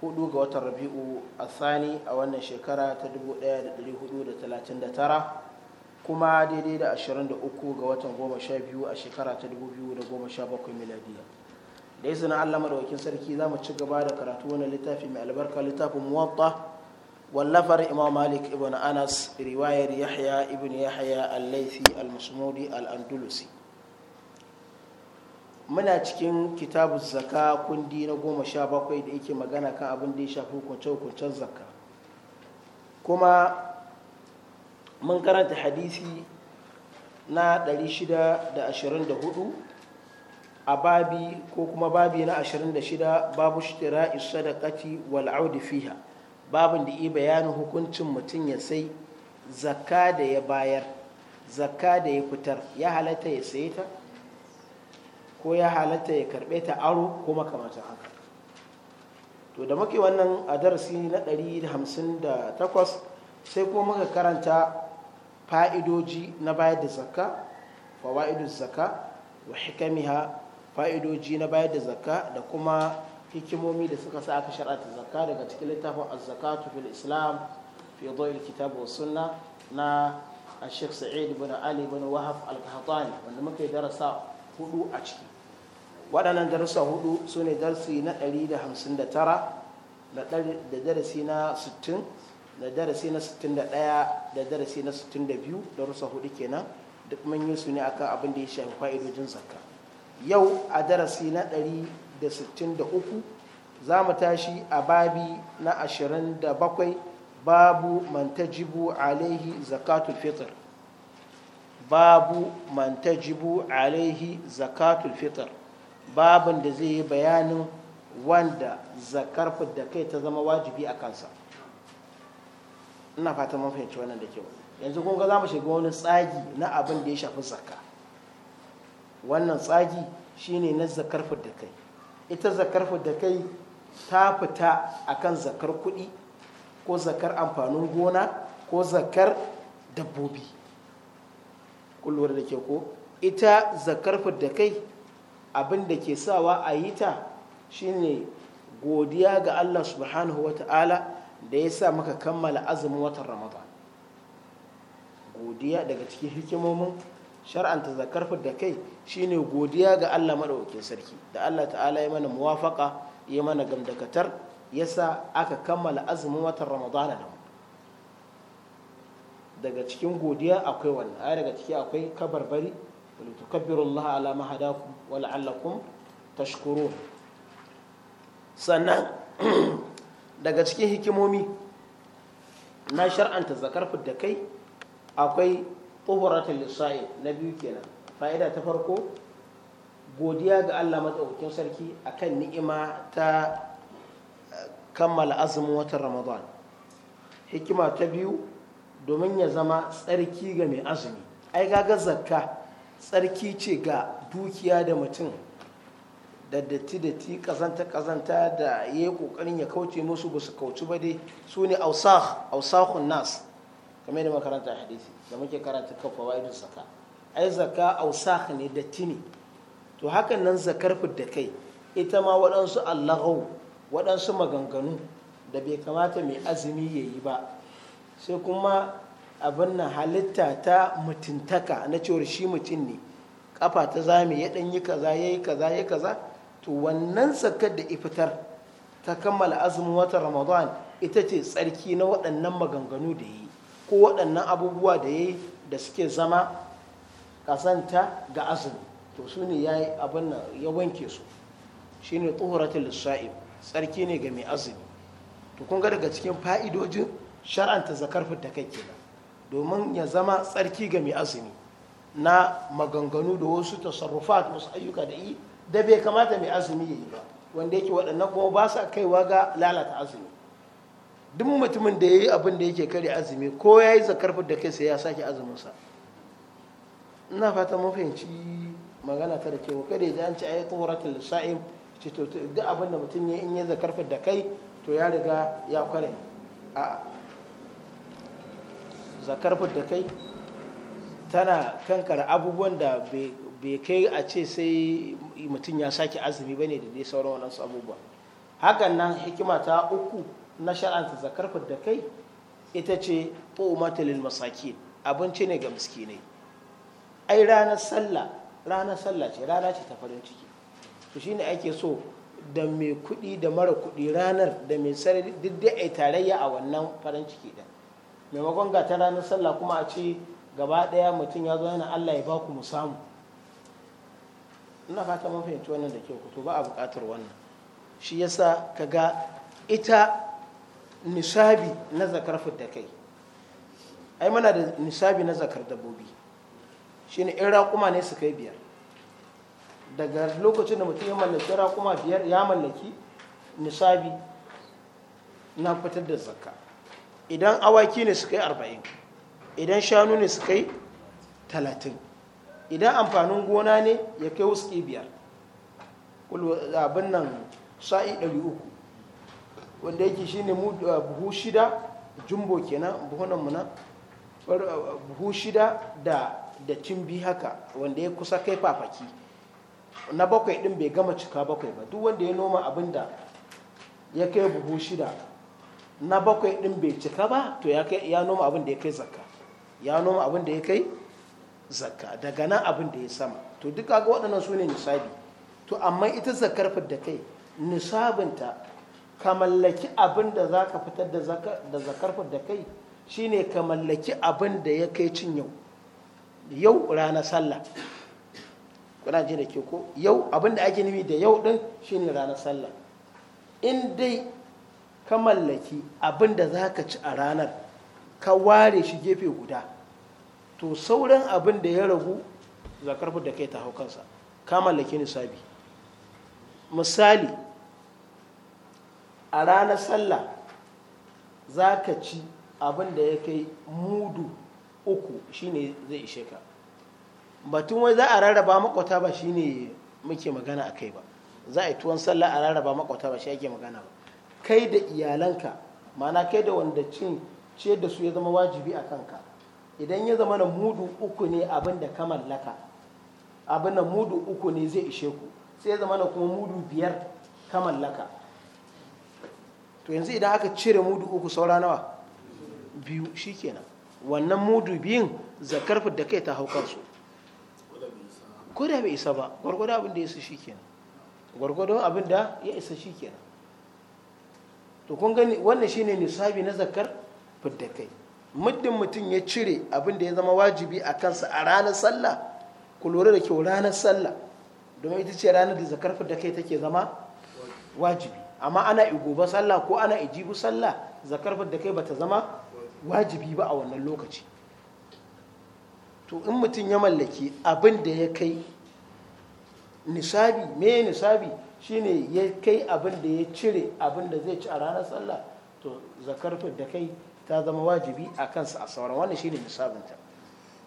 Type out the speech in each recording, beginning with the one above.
hudu ga watan rabi'u a tsani a wannan shekara ta 1439 kuma daidai da 23 ga watan 12 a shekara ta 2017 miladiya da izinin allah madawakin sarki za mu ci gaba da karatu wani littafi mai albarka littafin muwatta wallafar imam malik ibn anas riwayar yahya ibn yahya al-laifi al-musmudi al-andalusi muna cikin kitabu zaka kundi na goma sha bakwai da yake magana kan abin da ya shafi hukunce-hukuncen zaka kuma mun karanta hadisi na 624 a babi ko kuma babi na 26 babu shitira da kati fiha babin da yi bayanin hukuncin mutum ya sai zaka da ya bayar zaka da ya fitar ya halatta ya sayi ta ko ya halatta ya karɓe ta aro ko makamantan haka to da muke wannan a darasi na 158 sai kuma muka karanta fa'idoji na bayar da zakka fawa'idun zakka wa hikamiha fa'idoji na bayar da zakka da kuma hikimomi da suka sa aka shar'ata zakka daga cikin littafin az-zakatu fil islam fi kitab wa sunna na sa'id ibn ali ibn wahab al-qahtani wanda muke darasa hudu a ciki waɗannan darussa hudu su ne darsi na 159 da darasi na 60 da darasi na 61 da darasi na 62 darussa hudu kenan duk mun yi su ne akan abin da ya shafi fa'idojin zakka yau a darasi na 163 za mu tashi a babi na 27 babu mantajibu alaihi zakatul fitr babu mantajibu alaihi zakatul fitr babin da zai yi bayanin wanda zakar da kai ta zama wajibi a kansa ina fata mun fahimci wannan da kyau yanzu kun ga za mu shiga wani tsagi na abin da ya shafi zakka wannan tsagi shine na zakar da kai ita zakar da kai ta fita akan zakar kuɗi ko zakar amfanin gona ko zakar dabbobi kullum da ke ko ita zakar da kai abin da ke sawa a yi ta shine godiya ga Allah subhanahu wa ta'ala da ya sa maka kammala azumin watan ramadan godiya daga cikin hikimomin shar'anta zakar da kai shine godiya ga Allah maɗaukin sarki da Allah ta'ala ya mana muwafaka ya mana gamdakatar ya sa aka kammala azumin watan ramadana da mu daga cikin godiya akwai wannan daga ciki akwai kabarbari ولتكبروا الله على ما هداكم ولعلكم tashkuru. sannan daga cikin hikimomi na shar'anta zakar da kai akwai tsohoratun lissa'i na biyu kenan fa'ida ta farko godiya ga allah matsaukin sarki akan ni'ima ta kammala azumin watan ramadan hikima ta biyu domin ya zama tsarki ga mai azumi ai gaga zakka tsarki ce ga dukiya da mutum da datti-datti kazanta-kazanta da ya yi kokarin ya kauce musu ba su kauci ba dai su ne ausahun nas kamar da makaranta hadisi da muke karanta kafa saka ai zaka ausah ne datti ne to hakan nan zakar da kai ita ma waɗansu allahau waɗansu maganganu da bai kamata mai azumi ya yi ba sai kuma abin nan halitta ta mutuntaka na cewar shi mutum ne kafa ta zame ya dan yi kaza ya yi kaza ya kaza to wannan sakar da ifitar ta kammala azumin watan ramadan ita ce tsarki na waɗannan maganganu da yi ko waɗannan abubuwa da yi da suke zama kasanta ga azumi to su ne ya yi abin nan ya wanke su shine tsohuratun lissa'i tsarki ne ga mai azumi to kun ga daga cikin fa'idojin shar'anta zakar fitta kai kenan domin ya zama tsarki ga mai azumi na maganganu da wasu tasarrufat wasu ayyuka da yi da bai kamata mai azumi ya yi ba wanda yake waɗannan kuma ba sa kaiwa ga lalata azumi duk mutumin da ya yi abin da yake kare azumi ko ya yi zakar da kai sai ya sake azuminsa ina fata mun fahimci magana ta da cewa kada ya an ci ayi tsoratul lissa'in ce to duk abin da mutum ya in ya zakar da kai to ya riga ya kware a'a zakar da kai tana kankara abubuwan da bai kai a ce sai mutum ya sake azumi ba ne da dai sauran waɗansu abubuwa hakan nan hikima ta uku na shar'anta zakar da kai ita ce ƙo'umatalin masaki abinci ne ga miskinai ai ranar sallah ranar sallah ce rana ce ta farin ciki to shine ake so da mai kuɗi da mara kuɗi ranar da mai sarari duk dai ai tarayya a wannan farin ciki ɗin maimakon ga ta ranar sallah kuma a ce gaba ɗaya mutum ya zo yana allah ya ba ku mu ina fata mun fahimci wannan da kyau to ba a buƙatar wannan shi yasa ga ita nisabi na zakar da kai ai mana da nisabi na zakar dabbobi shine in raƙuma ne su kai biyar daga lokacin da mutum ya mallaki raƙuma biyar ya mallaki nisabi na fitar da zakka idan awaki ne su kai arba'in idan shanu ne su kai talatin idan amfanin gona ne ya kai wuski biyar abin nan sa'i ɗari uku wanda yake shi ne buhu shida jumbo kenan buhunan muna buhu shida da da cimbi haka wanda ya kusa kai fafaki na bakwai ɗin bai gama cika bakwai ba duk wanda ya noma abin da ya kai buhu shida na bakwai ɗin bai cika ba to ya noma abin da ya kai zakka ya noma abin da ya kai zakka daga nan abin da ya sama to duk kaga waɗannan su ne nisabi to amma ita zakkar da kai nisabinta ka mallaki abin da za ka fitar da zakkar da kai shine ka mallaki abin da ya kai cin yau yau rana sallah kuna ji da ke ko yau abin da ake nufi da yau din shine rana sallah in dai ka mallaki abin da za ka ci a ranar ka ware shi gefe guda to sauran abin da ya ragu za zakar da kai ta hau kansa ka mallaki nisabi misali a ranar sallah za ka ci abin ya kai mudu uku shine zai ishe ka batun wai za a rarraba makwata ba shine muke magana a kai ba za a yi tuwon sallah a rarraba makwata ba shi ake magana ba kai da iyalanka ma'ana kai da wanda cin ciyar da su ya zama wajibi a kanka idan ya zama na mudu uku ne abin da ka mallaka abin da mudu uku ne zai ishe ku sai ya zama na kuma mudu biyar ka mallaka to yanzu idan aka cire mudu uku saura nawa biyu shikenan wannan mudu biyun zakar da kai ta hau kansu ko bai isa ba gwargwado abin da ya isa shikenan gwargwado abin da ya isa shikenan to kun gani wannan shine nisabi na zakar fidda kai muddin mutum ya cire abin da ya zama wajibi a kansa a ranar sallah ku lura da kyau ranar sallah domin ita ce ranar da zakar fidda kai take zama wajibi amma ana igoba sallah ko ana ijibu sallah zakar fidda kai bata zama wajibi ba a wannan lokaci to in mutum ya mallaki abin da ya kai nisabi me nisabi shine ya kai abin da ya cire abin da zai ci a ranar sallah to zakar da kai ta zama wajibi a kansa a sauran wannan shine nisabinta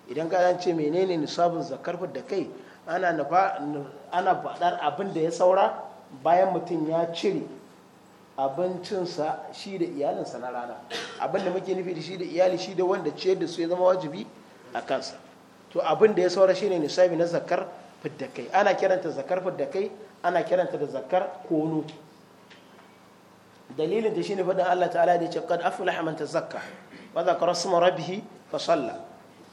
idan ka ce menene nisabin zakar da kai ana nufa faɗar abin da ya saura bayan mutum ya cire abincinsa shi da iyalinsa na rana abin da muke nufi da shi da iyali shi da wanda ciyar da su ya zama wajibi a kansa to abin da ya saura shine nisabi na zakar fidda kai ana kiranta zakar fidda kai ana kiranta da zakar kono dalilin da shine faɗin Allah ta'ala da ce qad aflaha man tazakka wa zakara sma rabbih fa salla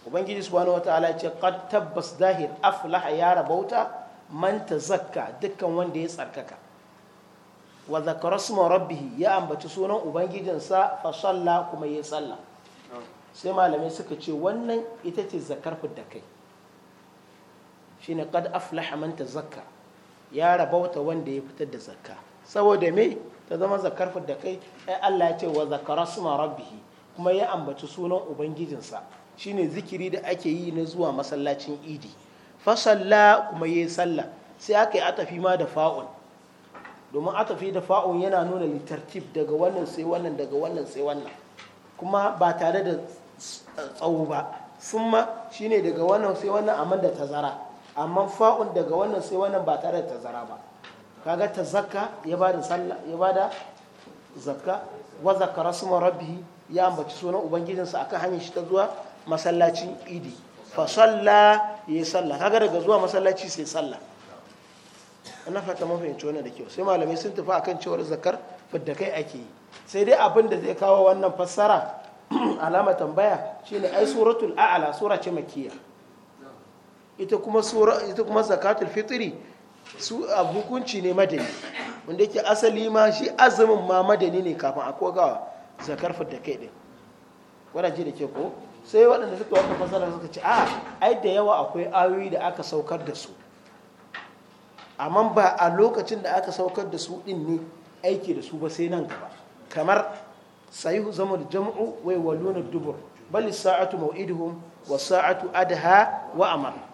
ubangiji subhanahu wa ta'ala ce qad tabbas dahir aflaha ya rabauta man tazakka dukkan wanda ya tsarkaka wa zakara sma rabbih ya ambaci sunan ubangijinsa fa salla kuma ya salla sai malamai suka ce wannan ita ce zakar fidda kai shine qad aflaha man tazakka ya raba wata wanda ya fitar da zakka saboda me ta zama zakar da kai ai Allah ya ce wa zakara suna rabbihi kuma ya ambaci sunan ubangijinsa shine zikiri da ake yi na zuwa masallacin idi fasalla kuma yayi sallah sai aka yi atafi ma da fa'un domin atafi da fa'un yana nuna litartib daga wannan sai wannan daga wannan sai wannan kuma ba tare da tsawo ba summa shine daga wannan sai wannan amma da tazara amma fa'un daga wannan sai wannan ba tare da tazara ba kaga tazakka ya bada sallah ya bada zakka wa zakara suma rabbi ya ambaci sunan ubangijinsa akan hanyar shi ta zuwa masallacin idi fa salla yi sallah kaga daga zuwa masallaci sai sallah ana fata mun fahimci wannan da kyau sai malamai sun tafi akan cewar zakar fadda kai ake yi sai dai abin da zai kawo wannan fassara alama tambaya shine ai suratul a'la sura ce makiyya ita kuma sura ita kuma zakatul fitri su a hukunci ne madani wanda yake asali ma shi azumin ma madani ne kafin a kogawa zakar fidda kai din ji da ke ko sai waɗanda suka wata fasara suka ce a ai da yawa akwai ayoyi da aka saukar da su amma ba a lokacin da aka saukar da su din ne aiki da su ba sai nan gaba kamar sahihu zama da jam'u wai waluna dubur bal sa'atu maw'iduhum wa sa'atu adha wa amara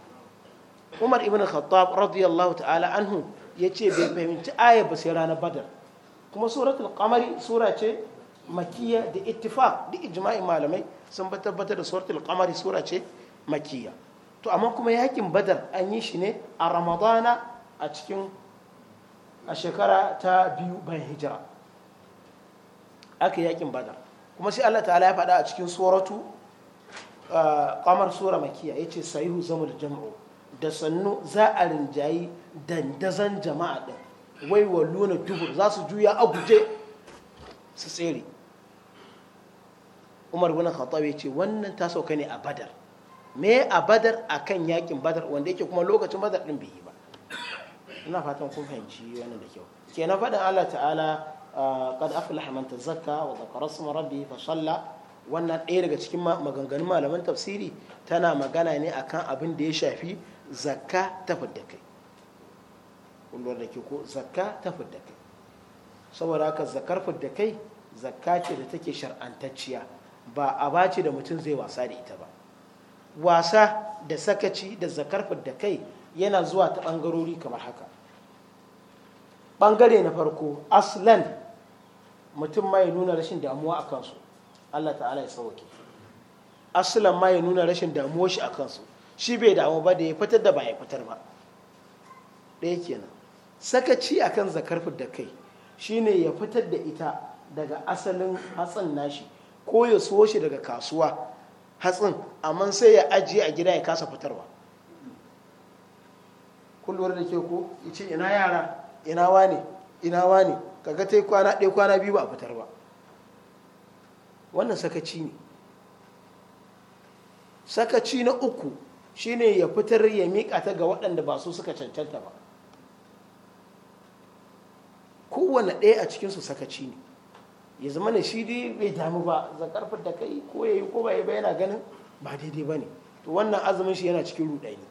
umar ibn khattab radiyallahu ta'ala anhu ya ce bai fahimci aya ba sai ranar badar kuma suratul qamari sura ce makiya da ittifaq da ijma'in malamai sun tabbatar da suratul kamari sura ce makiya to amma kuma yakin badar an yi shi ne a ramadana a cikin a shekara ta biyu bayan hijira aka yakin badar kuma sai Allah ta'ala ya faɗa a cikin suratu ƙamar ah, sura makiya ya ce sayihu zamul jam'u da sannu za a rinjayi dandazan jama'a ɗin wai wa luna za su juya a guje su tsere umar bin khattab ya ce wannan ta sauka ne a badar me a badar A kan yakin badar wanda yake kuma lokacin badar ɗin bai yi ba ina fatan kun fahimci wannan da kyau na faɗin Allah ta'ala ah, qad aflaha man zaka wa zakarar su marabbi fa shalla wannan ɗaya daga cikin maganganun malaman tafsiri tana magana ne akan abin da ya shafi zakka ta fidda kai kullum da ke ko zakka ta fidda kai saboda haka zakar fidda kai zakka ce da take shar'antacciya ba a bace da mutum zai wasa da ita ba wasa da sakaci da zakar fidda kai yana zuwa ta ɓangarori kamar haka ɓangare na farko aslan mutum ma ya nuna rashin damuwa a kansu allah ta'ala ya sauke aslan ma ya nuna rashin damuwa shi a kansu shi bai damu ba da ya fitar da ba ya fitar ba ɗaya kenan sakaci akan zakar da kai shine ya fitar da ita daga asalin hatsin nashi ko ya so shi daga kasuwa hatsin amma sai ya ajiye a gida ya kasa fitarwa kullum da ke ko ce ina yara ina wane ina wane kaga ta yi kwana ɗaya kwana biyu ba a fitar ba wannan sakaci ne sakaci na uku shine ya fitar ya miƙa ta ga waɗanda ba su suka cancanta ba kowane ɗaya a cikinsu sakaci ne ya zama na shi dai bai damu ba zakarfar da kai ko ya yi ko ba ya yana ganin ba daidai ba ne to wannan azumin shi yana cikin ruɗani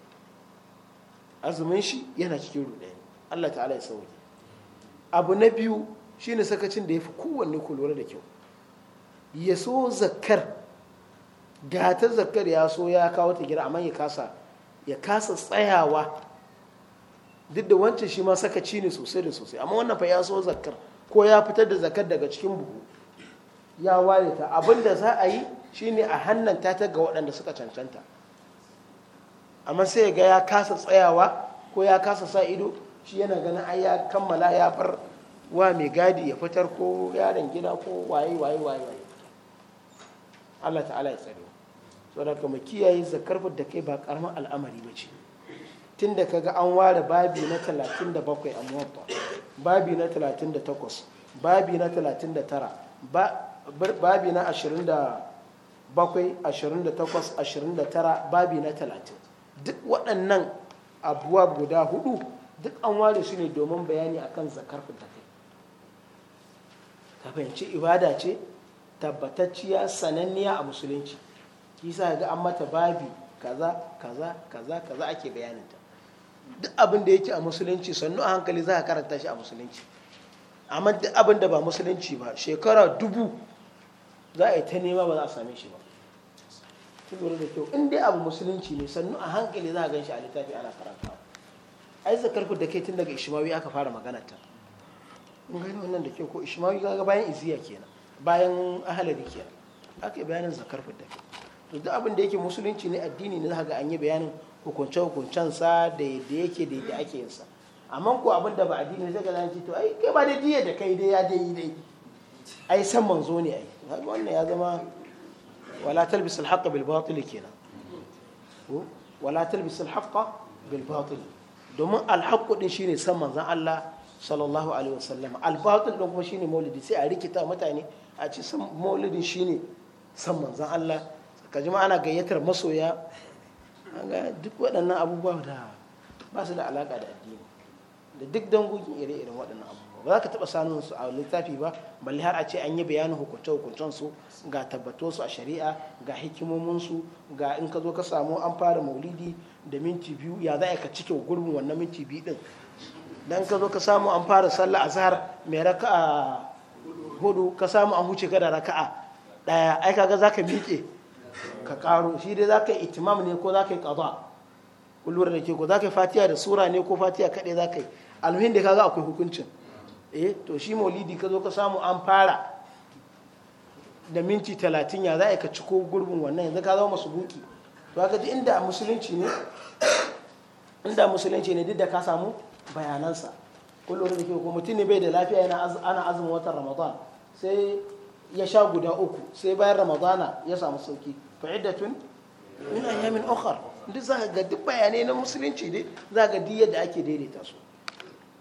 azumin shi yana cikin ruɗani allah ta'ala ya sauke abu na biyu shine sakacin da ya fi kowanne kulura da kyau ya so zakar ga zakar ya so ya kawo ta gida amma ya kasa ya kasa tsayawa duk da wancan shi ma sakaci ne sosai da sosai amma wannan fa ya so zakar ko ya fitar da zakar daga cikin buhu ya ware ta abin da za a yi shine a hannun ta ta ga waɗanda suka cancanta amma sai ga ya kasa tsayawa ko ya kasa sa ido shi yana ganin ai ya kammala ya far wa mai gadi ya fitar ko yaron gida ko waye waye waye Allah ta'ala ya tsare saboda mu kiyaye zakar da kai ba karamin al'amari ba ce tun da kaga an ware babi na 37 a muwatta babi na 38 babi na 39 babi na 27 28 29 babi na 30 duk waɗannan abuwa guda hudu duk an ware su ne domin bayani akan zakar da kai kafin fahimci ibada ce tabbatacciya sananniya a musulunci shi sa ga an mata babi kaza kaza kaza kaza ake bayaninta duk abin da yake a musulunci sannu a hankali za ka karanta shi a musulunci amma duk abin da ba musulunci ba shekara dubu za a yi ta nema ba za a same shi ba tuburu da kyau in dai abu musulunci ne sannu a hankali za a gan shi a littafi ana karanta ai zakar da ke tun daga ishmawi aka fara magana ta in gani wannan da kyau ko ishmawi ga bayan iziya kenan bayan ahalari kenan aka yi bayanin zakarfu da ke to duk abin da yake musulunci ne addini ne za ga an yi bayanin hukunce sa da yadda yake da yadda ake yinsa amma ko abin da ba addini ne sai ga zanci to ai kai ba da diya da kai dai ya dai yi dai ai san manzo ne ai wannan ya zama wala talbis al-haqqa bil batil kenan wala talbis al bil batil domin al-haqqu din shine san manzon Allah sallallahu alaihi wasallam al-batil din kuma shine maulidi sai a rikita mutane a ce san maulidin shine san manzon Allah ka ji ma ana gayyatar masoya ga duk waɗannan abubuwa da ba su da alaƙa da addini da duk dangogin ire-iren waɗannan abubuwa ba za ka taɓa sanin su a littafi ba balle har a ce an yi bayanin hukunce-hukuncen su ga tabbato su a shari'a ga hikimomin su ga in ka zo ka samu an fara maulidi da minti biyu ya za a ka cike gurbin wannan minti biyu din dan ka zo ka samu an fara sallah azhar mai raka'a hudu ka samu an huce gada raka'a daya ai kaga zaka miƙe ka karo shi dai za ka yi itimam ne ko za ka yi kaza kullum da ke ko zaka yi fatiya da sura ne ko fatiya kaɗai za ka yi alhuhin da ga akwai hukuncin eh to shi maulidi ka zo ka samu an fara da minti talatin ya za a yi ka ciko gurbin wannan yanzu ka zama masu buki to ka ji inda musulunci ne inda musulunci ne duk da ka samu bayanansa kullum da ke ko mutum ne bai da lafiya yana ana azumin watan ramadan sai ya sha guda uku sai bayan ramadana ya samu sauki fa'idatun min ayyamin ukhar duk za duk bayanai na musulunci dai za ga duk yadda ake daidaita su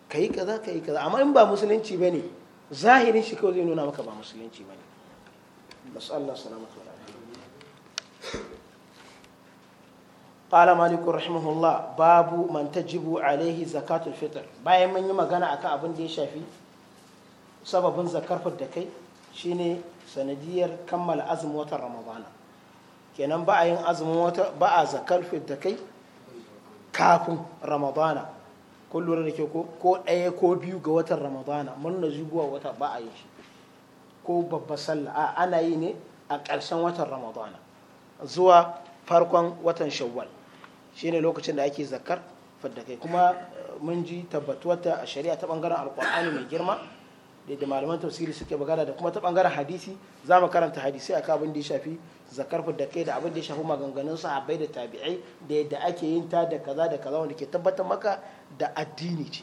kai kaza kai kaza amma in ba musulunci bane zahirin shi kawai zai nuna maka ba musulunci bane nasallahu salamatu wa قال مالك رحمه الله باب من تجب عليه زكاة الفطر bayan mun yi magana akan abinda ya shafi sababin zakar da kai shine sanadiyyar kammala azumin watan ramadana kenan ba a yin azumin wata ba a zakar fidda kai kafin ramadana kun lura da ke ko ɗaya ko biyu ga watan ramadana murna zuwa wata ba a yi shi ko babba sallah a ana yi ne a ƙarshen watan ramadana zuwa farkon watan shawwal shine lokacin da ake zakar fidda kai kuma eh, mun ji tabbatuwarta a shari'a ta bangaren alkur'ani mai girma da malaman tafsiri suke bagada da kuma ta bangaren hadisi za mu karanta hadisi a kabin da ya shafi zakar da kai da abin da ya shafi maganganun sahabbai da tabi'ai da yadda ake yin ta da kaza da kaza wanda ke tabbatar maka da addini ce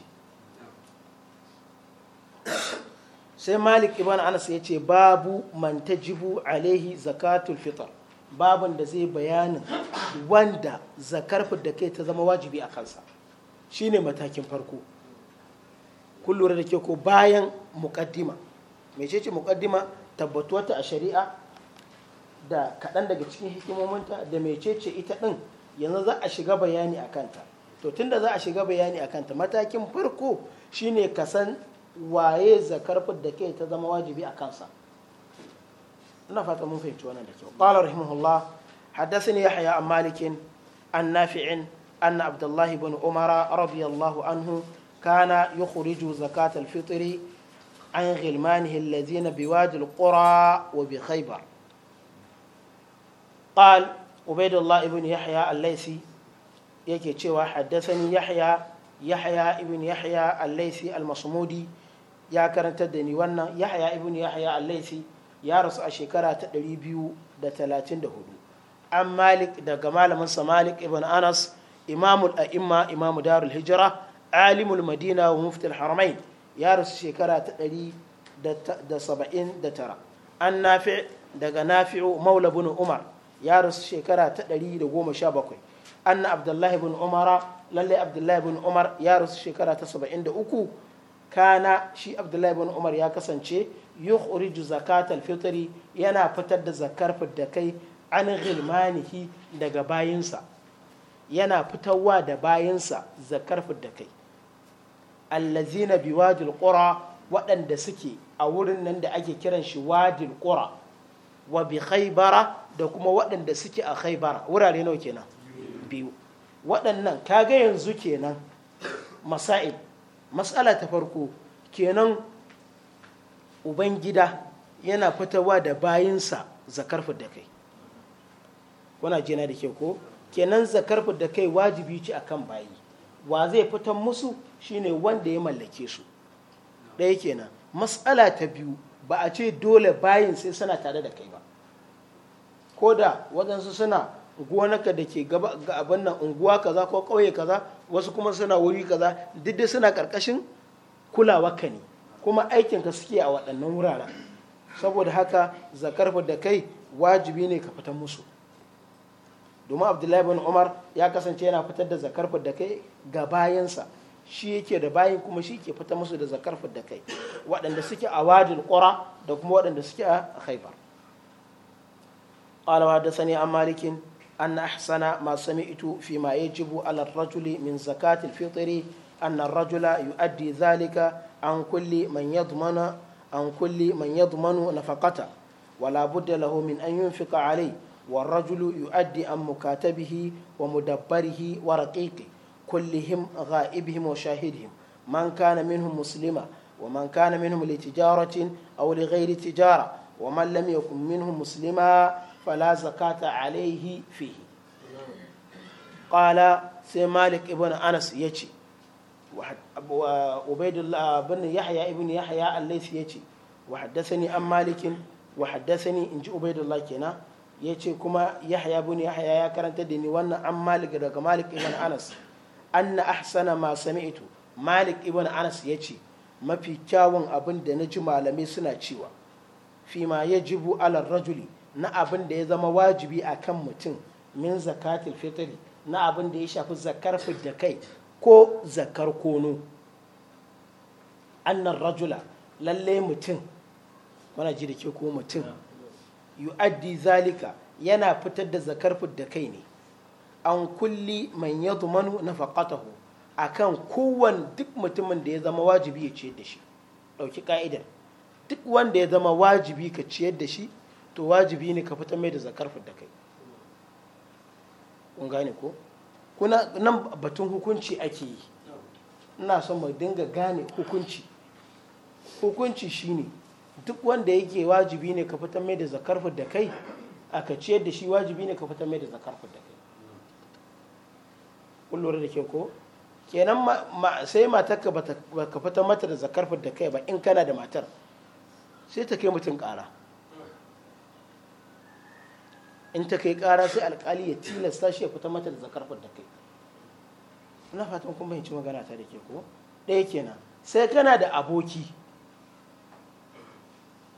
sai malik ibn anas ya ce babu man tajibu alaihi zakatul fitr babun da zai bayanin wanda zakar da kai ta zama wajibi a kansa shine matakin farko kun da ke ko bayan muqaddima ce muqaddima ta a shari'a da kaɗan daga cikin hikimominta da mecece ita ɗin yanzu za a shiga bayani a kanta to tunda za a shiga bayani a kanta matakin farko shine ka san waye zakar da kai ta zama wajibi a kansa ina fata mun fahimci wannan da kyau qala rahimahullah haddathani yahya an malikin an nafi'in anna abdullahi ibn umara radiyallahu anhu kana yukhriju zakatal fitiri an ghilmanihi alladhina biwadi al wa bi khaybar قال عبيد الله ابن يحيى الليثي yake cewa haddasani yahya yahya ibn yahya al-laisi al-masmudi ya karantar da ni wannan yahya ibn yahya al-laisi ya rasu a shekara ta 234 an malik daga malamin malik ibn anas imamul a'imma imamu darul hijra alimul madina wa muftil haramain ya rasu shekara ta tara an nafi daga nafi'u maula umar ya rasu shekara ta 117 anna abdullahi bin umara lalle abdullahi bin umar ya rasu shekara ta 73 kana shi abdullahi bin umar ya kasance yukhriju zakatal fitri yana fitar da zakar kai an ghilmanihi daga bayinsa yana fitarwa da bayinsa zakar kai allazina biwadil qura waɗanda suke a wurin nan da ake kiran shi wadil qura wa bi khaybara da kuma waɗanda suke a khaibar wurare nawa kenan biyu waɗannan kaga yanzu kenan masa'il matsala ta farko kenan ubangida yana fitawa da bayinsa zakar da kai kuna jina da ke ko kenan zakar da kai wajibi ce akan bayi wa zai fitan musu shine wanda ya mallake su ɗaya kenan matsala ta biyu ba a ce dole bayin sai suna tare da kai ba ko da waɗansu suna gonaka da ke gaba ga abin nan unguwa kaza ko ƙauye kaza wasu kuma suna wuri kaza duk da suna ƙarƙashin kulawa ka ne kuma aikin ka suke a waɗannan wuraren saboda haka zakar da kai wajibi ne ka fitar musu domin abdullahi bin umar ya kasance yana fitar da zakar da kai ga bayansa shi yake da bayan kuma shi ke fitar musu da zakar da kai waɗanda suke a wajin ƙura da kuma waɗanda suke a haifar. قال وحدثني عن مالك أن أحسن ما سمعت فيما يجب على الرجل من زكاة الفطر أن الرجل يؤدي ذلك عن كل من يضمن عن كل من يضمن نفقته ولا بد له من أن ينفق عليه والرجل يؤدي عن مكاتبه ومدبره ورقيقه كلهم غائبهم وشاهدهم من كان منهم مسلما ومن كان منهم لتجارة أو لغير تجارة ومن لم يكن منهم مسلما fala zakata alaihi fihi ƙala sai malik ibn anas ya ce ubaidullah bin yahya ibn yahya allais ya ce wa haddasani an malikin wa haddasani in ji kenan ya ce kuma yahya bin yahya ya karanta da ni wannan an malik daga malik ibn anas anna ahsana ma sami'tu malik ibn anas ya ce mafi kyawun abinda na ji malamai suna cewa Fima ya jibu ala rajuli na abin da ya zama wajibi a kan mutum min zakatul fitri na abin da ya shafi zakar fidda kai ko zakar kono annan rajula lalle mutum mana ji da ke ko mutum yu'addi zalika yana fitar da zakar fidda kai ne an kulli man yadmanu nafaqatahu akan kowan duk mutumin da ya zama wajibi ya ciyar da shi dauki ka'idar duk wanda ya zama wajibi ka ciyar da shi to wajibi ne ka fita mai da zakar da kai kun gane ko kuna nan batun hukunci ake yi ina son mu dinga gane hukunci hukunci shine duk wanda yake wajibi ne ka fita mai da zakar da kai aka ciyar da shi wajibi ne ka fita mai da zakar da kai kun lura da ke ko kenan sai matar ka bata ka fita mata da zakar da kai ba in kana da matar sai ta kai mutum kara in ta kai ƙara sai alƙali ya tilasta shi ya fita mata da zakar da kai ina fatan kun fahimci magana ta da ke ko ɗaya kenan sai kana da aboki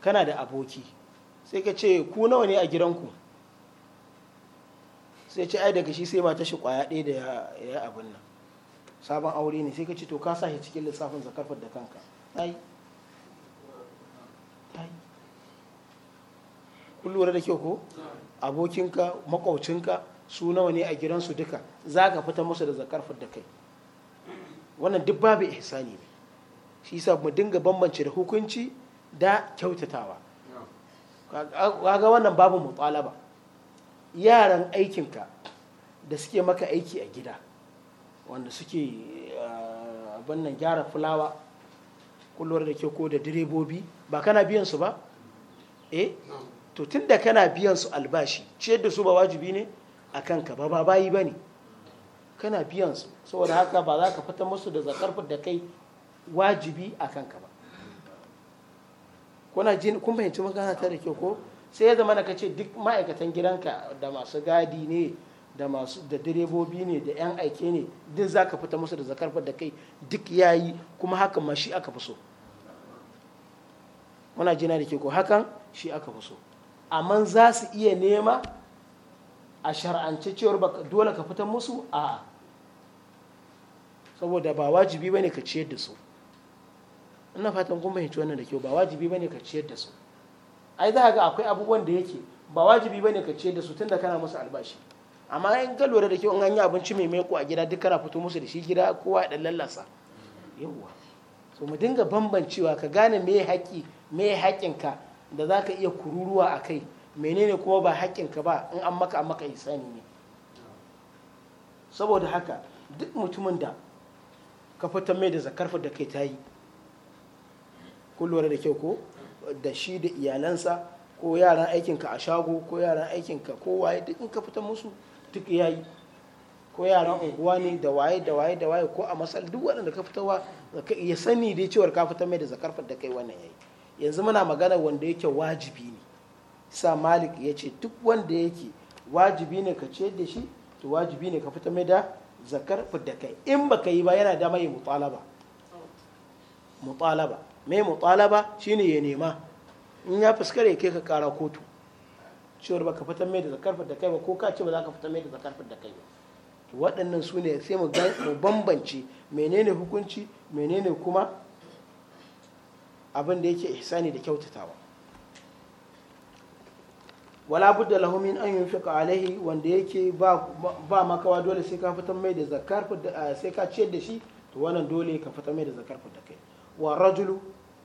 kana da aboki sai ka ce ku nawa ne a gidanku sai ce ai daga shi sai mata shi kwaya ɗaya da ya yi abin nan sabon aure ne sai ka ce to ka sa shi cikin lissafin zakar da kanka kun da kyau ko abokinka makwaucinka su nawa ne a gidansu duka za ka fita musu da zakar da kai wannan duk babu ihsani ne shi yasa mu dinga bambanci da hukunci da kyautatawa kaga wannan babu mutalaba yaran aikinka da suke maka aiki a gida wanda suke eh, abin gyara fulawa kullum da ke ko da direbobi ba kana biyan su ba eh to tunda kana biyan su albashi ciyar da su ba wajibi ne a kanka ba ba bayi ba ne kana biyan su saboda haka ba za ka fita musu da zakar da kai wajibi a kanka ba kuna jini kun fahimci magana ta da kyau ko sai ya zama ka ce duk ma'aikatan gidanka da masu gadi ne da masu da direbobi ne da yan aike ne duk za ka fita musu da zakar da kai duk ya yi kuma hakan ma shi aka fi so muna jina da ke ko hakan shi aka fi so amma za su iya nema a shar'ance cewar dole ka fitar musu a saboda ba wajibi ba ne ka ciyar da su ina fatan kuma fahimci wannan da kyau ba wajibi ba ne ka ciyar da su ai za ga akwai abubuwan da yake ba wajibi ba ne ka ciyar da su tunda kana musu albashi amma in ka lura da kyau in an yi abinci mai maiko a gida duk kana fito musu da shi gida kowa ya lallasa yawwa so mu dinga bambancewa ka gane me haƙi me haƙinka da za ka iya kururuwa a kai menene kuma ba haƙƙinka ba in an maka maka isani ne saboda haka duk mutumin da ka fitar mai da zakarfa da kai ta yi kullum da kyau ko da shi da iyalansa ko yaran aikinka a shago ko yaran aikinka ko waye duk in ka fitar musu duk ya yi ko yaran unguwa ne da waye da waye da waye ko a masal duk waɗanda ka fitarwa ya sani dai cewar ka fitar mai da zakarfa da kai wannan ya yi yanzu muna magana wanda yake wajibi ne sa malik ya ce duk wanda yake wajibi ne ka ce da shi to wajibi ne ka fita mai da zakar fidda kai in baka yi ba yana da mai mutalaba mutalaba mai mutalaba shine ya nema in ya fuskar ya kai ka kara kotu cewar ka fita mai da zakar fidda kai ba ko ka ce ba za ka fita mai da zakar fidda kai ba to waɗannan su ne sai mu bambance menene hukunci menene kuma abin da yake ihsani da kyautatawa wala budda lahu min an yunfiqa alayhi wanda yake ba ba makawa dole sai ka fitar mai da zakar eh, sai ka ciyar da shi to wannan dole ka fitar mai da zakar da kai wa rajulu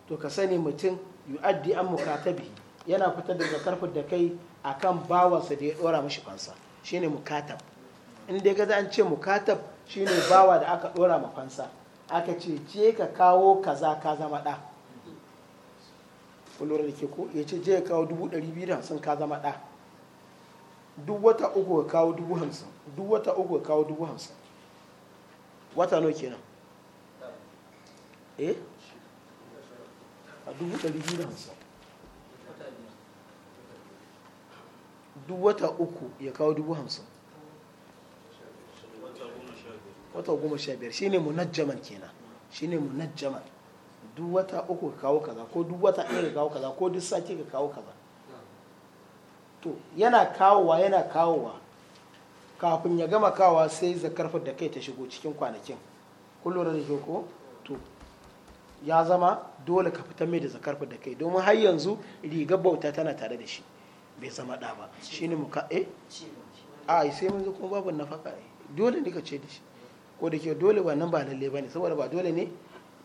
to ka sani mutum yu'addi an mukatabihi yana fitar da zakar da kai akan bawansa da ya dora mishi fansa shine mukatab in dai kaza an ce mukatab shine bawa da aka dora ma fansa aka ce je ka kawo kaza ka zama da kun da ke ko ya ce je ya kawo dubu ɗari biyu da hamsin ka zama ɗa duk wata uku ka kawo dubu hamsin duk wata uku ka kawo dubu hamsin wata nawa kenan eh a dubu ɗari biyu da hamsin duk wata uku ya kawo dubu hamsin wata goma sha biyar shine jaman kenan shine jaman. duk wata uku ka kawo kaza ko duk wata ɗaya ka kawo kaza ko duk sati ka kawo kaza to yana kawowa yana kawowa kafin ya gama kawowa sai zakarfar da kai ta shigo cikin kwanakin kullum da ke ko to ya zama dole ka fitar mai da zakarfar da kai domin har yanzu rigar bauta tana tare da shi bai zama ɗa ba ne muka eh a sai mun zo kuma babu nafaka dole ne ka ce da shi ko da ke dole wannan ba lalle ba ne saboda ba dole ne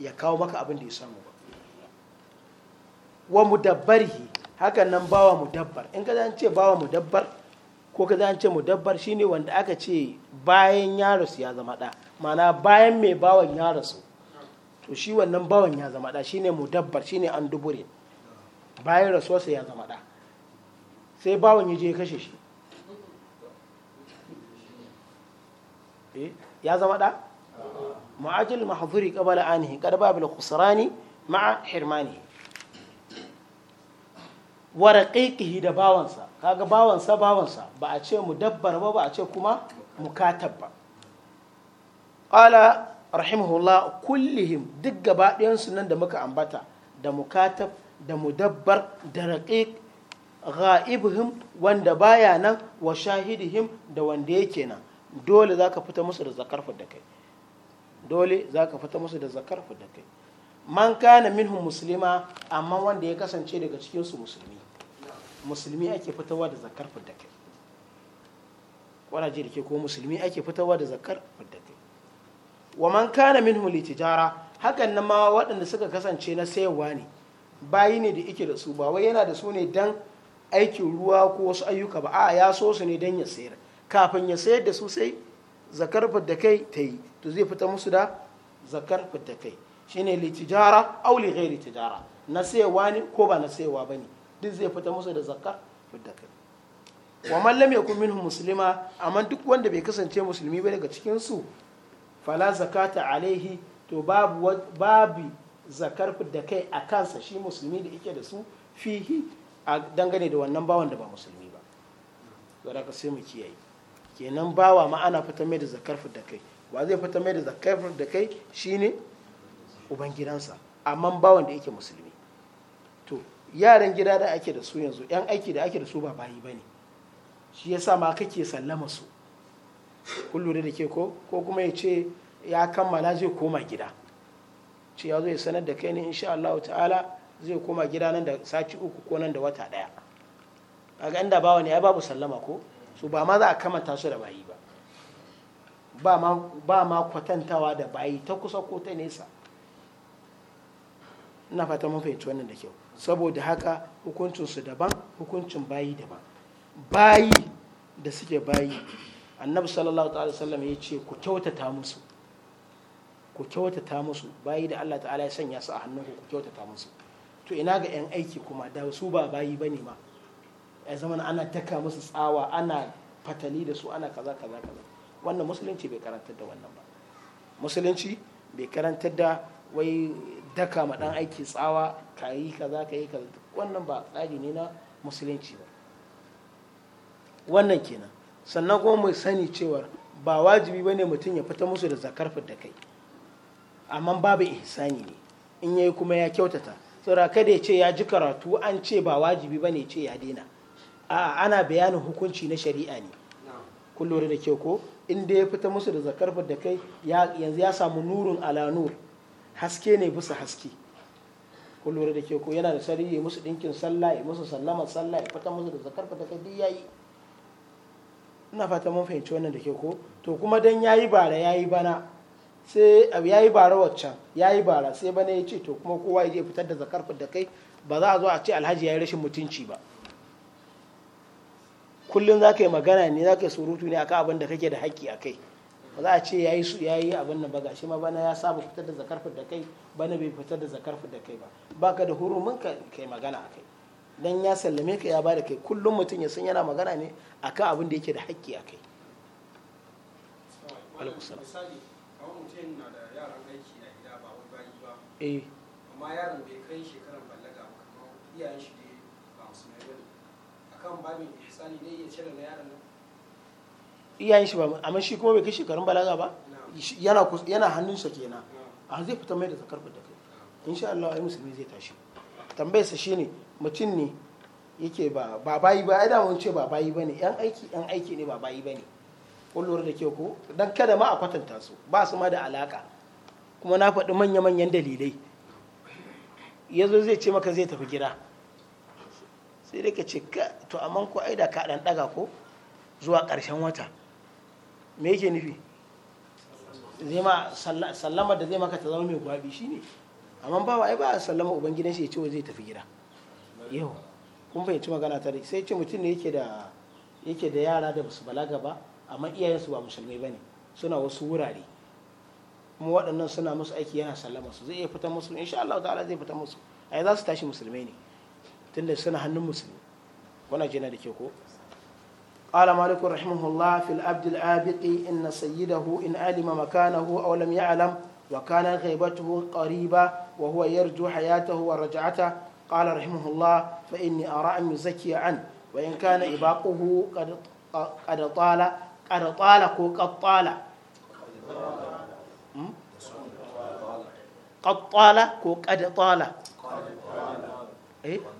ya kawo maka abin da ya samu ba wa mudabbarihi hakan nan bawa mudabbar in ka zance bawa mudabbar ko ka zance mudabbar shine wanda aka ce bayan yarasu ya zama ɗa mana bayan mai bawan ya rasu to shi wannan bawan ya zama ɗa shine mudabbar shine an dubure bayan rasuwarsa ya zama ɗa sai bawan ya je ya kashe shi eh, ya zama ɗa معاجل المحظور قبل آنه قد باب الخسران مع حرمانه ورقيقه da bawansa kaga bawansa bawansa ba'a ce mudabbar ba ba ce kuma mukatab ba qala rahimahullah kullihim duk gaba ɗayansu nan da muka ambata da mukatab da mudabbar da raqiq gha'ibuhum wanda baya nan wa shahidihim da wanda yake nan dole zaka fita musu da zakar da kai dole za ka fita musu da zakar da kai man kana minhum muslima amma wanda ya kasance daga cikinsu musulmi musulmi ake fitowa da zakar da kai ji da ke ko musulmi ake fitowa da zakar da kai wa man kana minhum litijara hakan na ma waɗanda suka kasance na sayarwa ne bayi ne da ike da su ba wai yana da su ne dan aikin ruwa ko wasu ayyuka ba a ya so su ne dan ya sayar kafin ya sayar da su sai zakar da kai ta yi to zai fita musu da zakar fita kai shine li tijara aw li tijara na sayewa ne ko ba na sayewa bane duk zai fita musu da zakar fita kai wa man lam yakun minhum muslima amma duk wanda bai kasance musulmi ba daga cikin su fala zakata alaihi to babu babu zakar da kai a kansa shi musulmi da yake da su fihi a dangane da wannan bawan da ba musulmi ba to da ka sai mu kiyaye kenan bawa ma ana fitar mai da zakar da kai wa zai fita mai da zakar da kai shine ubangidansa amma bawan da yake musulmi to yaran gida da ake da su yanzu yan aiki da ake da su ba bayi ba ne shi ya sa ma kake sallama su kullum da ke ko ko kuma ya ce ya kammala zai koma gida ce ya zo ya sanar da kai ne insha Allah ta'ala zai koma gida nan da sati uku ko nan da wata daya a ga inda bawa ne ya babu sallama ko su ba ma za a kamanta su da bayi ba ba ma kwatantawa da bayi ta kusa ko ta nesa ina fata mun fahimci wannan da kyau saboda haka hukuncinsu daban hukuncin bayi daban bayi da suke bayi annabi sallallahu ta'ala ya ce ku kyautata musu ku kyautata musu bayi da Allah ta'ala ya sanya su a hannun ku kyautata musu to ina ga yan aiki kuma da su ba bayi ne ma ya zama ana taka musu tsawa ana fatali da su ana kaza kaza kaza wannan musulunci bai karantar da wannan ba musulunci bai karantar da wai daka ma dan aiki tsawa ka yi kaza ka yi kaza wannan ba tsari ne na musulunci ba wannan kenan sannan kuma mu sani cewar ba wajibi bane mutum ya fita musu da zakar da kai amma babu ihsani ne in yayi kuma ya kyautata saboda kada ya ce ya ji karatu an ce ba wajibi bane ce ya daina a'a ana bayanin hukunci na shari'a ne kun lura da ke ko inda ya fita musu da zakar da kai yanzu ya samu nurin ala nur haske ne bisa haske kun lura da ke ko yana da tsari ya musu dinkin sallah ya musu sallama sallah ya fita musu da zakar da kai duk yayi ina fata mun fahimci wannan da ke ko to kuma dan yayi bara yayi bana sai abu yayi bara waccan yayi bara sai bana ya ce to kuma kowa ya je fitar da zakar da kai ba za a zo a ce alhaji yayi rashin mutunci ba kullum za ka yi magana ne za ka yi surutu ne akan abin da kake da haƙƙi a kai ba za a ce ya yi su ya yi abin nan ba shi ma bana ya saba fitar da zakar da kai bana bai fitar da zakar da kai ba ka da hurumin ka kai magana a kai dan ya sallame ka ya ba da kai kullum mutum ya san yana magana ne akan abin da yake da haƙƙi a kai amma yaron bai kai shekaran ballaga ba iyayen shi akan iyayen shi ba amma shi kuma bai kai shekarun balaga ba yana hannun hannunsa kenan a ah, zai fita mai da zakar da kai insha Allah ai musulmi zai tashi tambayarsa shine mutum ne yake ba ba bayi ba ai da mun ce ba bayi bane yan aiki yan aiki ne ba bayi bane kun lura da ke ko dan kada ma a kwatanta su ba su ma da alaka kuma na faɗi manya-manyan dalilai yazo zai ce maka zai tafi gida sai dai ka ce to amma ko ai da ka dan daga ko zuwa ƙarshen wata me yake nufi zai ma sallama da zai maka ta zama mai gwabi shine amma ba ai ba sallama ubangidan shi ya ce zai tafi gida yau kun fahimci magana ta sai ce mutum ne yake da yake da yara da basu balaga ba amma iyayensu ba musulmai bane suna wasu wurare kuma waɗannan suna musu aiki yana sallama su zai iya fita musu insha Allah ta'ala zai fita musu ai za su tashi musulmai ne tunda suna hannun musulmi kuna jina da ke ko قال مالك رحمه الله في العبد العابق إن سيده إن علم مكانه أو لم يعلم وكان غيبته قريبة وهو يرجو حياته ورجعته قال رحمه الله فإني أرى أن يزكي عنه وإن كان إباقه قد قد طال قد طال قد طال قد طال قد إيه؟ طال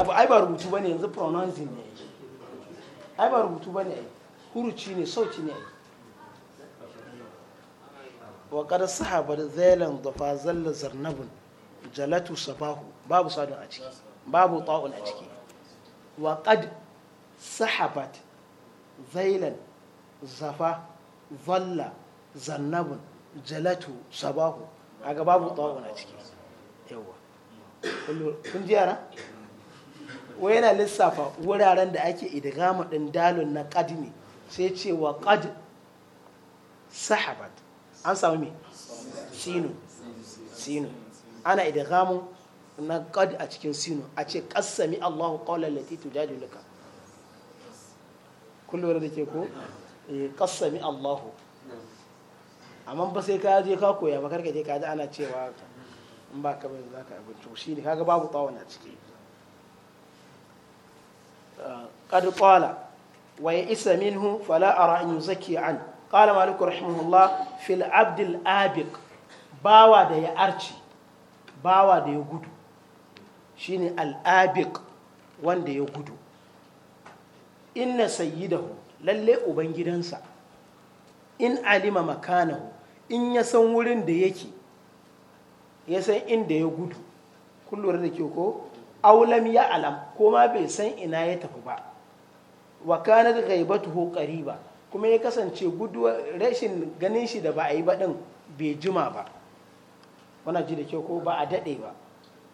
abu ai ba rubutu ba ne yanzu pronouncing ne ai ba rubutu ba ne huruci ne sauci ne wa kada sahabar zailan da fa zalla zarnabun jalatu safahu babu sadun a ciki babu ta'un a ciki wa kad sahabat zailan zafa zalla zarnabun jalatu sabahu aga babu ta'un a ciki yawa kun ji yara wai yana lissafa wuraren da ake idgama din dalun na qad ne sai ce wa qad sahabat an samu me sinu sinu ana idgamun na qad a cikin sinu a ce qassami Allahu qawlan lati tujadiluka kullum da ke ko eh, qassami Allahu amma ba sai ka je ka koya ba karka je ka ji ana cewa in ba ka bai za abin to shi ne kaga babu tsawon a ciki ah, qad qala wa isa minhu fala ara an yuzaki an qala malik rahimahullah fil abd al bawa da ya arci bawa da ya gudu shine al abiq wanda ya gudu da sayyidahu lalle ubangidansa in alima makanahu in ya san wurin da yake ya san inda ya gudu kun lura da ke ko aulam ya alam ko ma bai san ina ya tafi ba wa kana da kari qariba kuma ya kasance gudu rashin ganin shi da ba a yi ba din bai jima ba wannan ji da ke ko ba a dade ba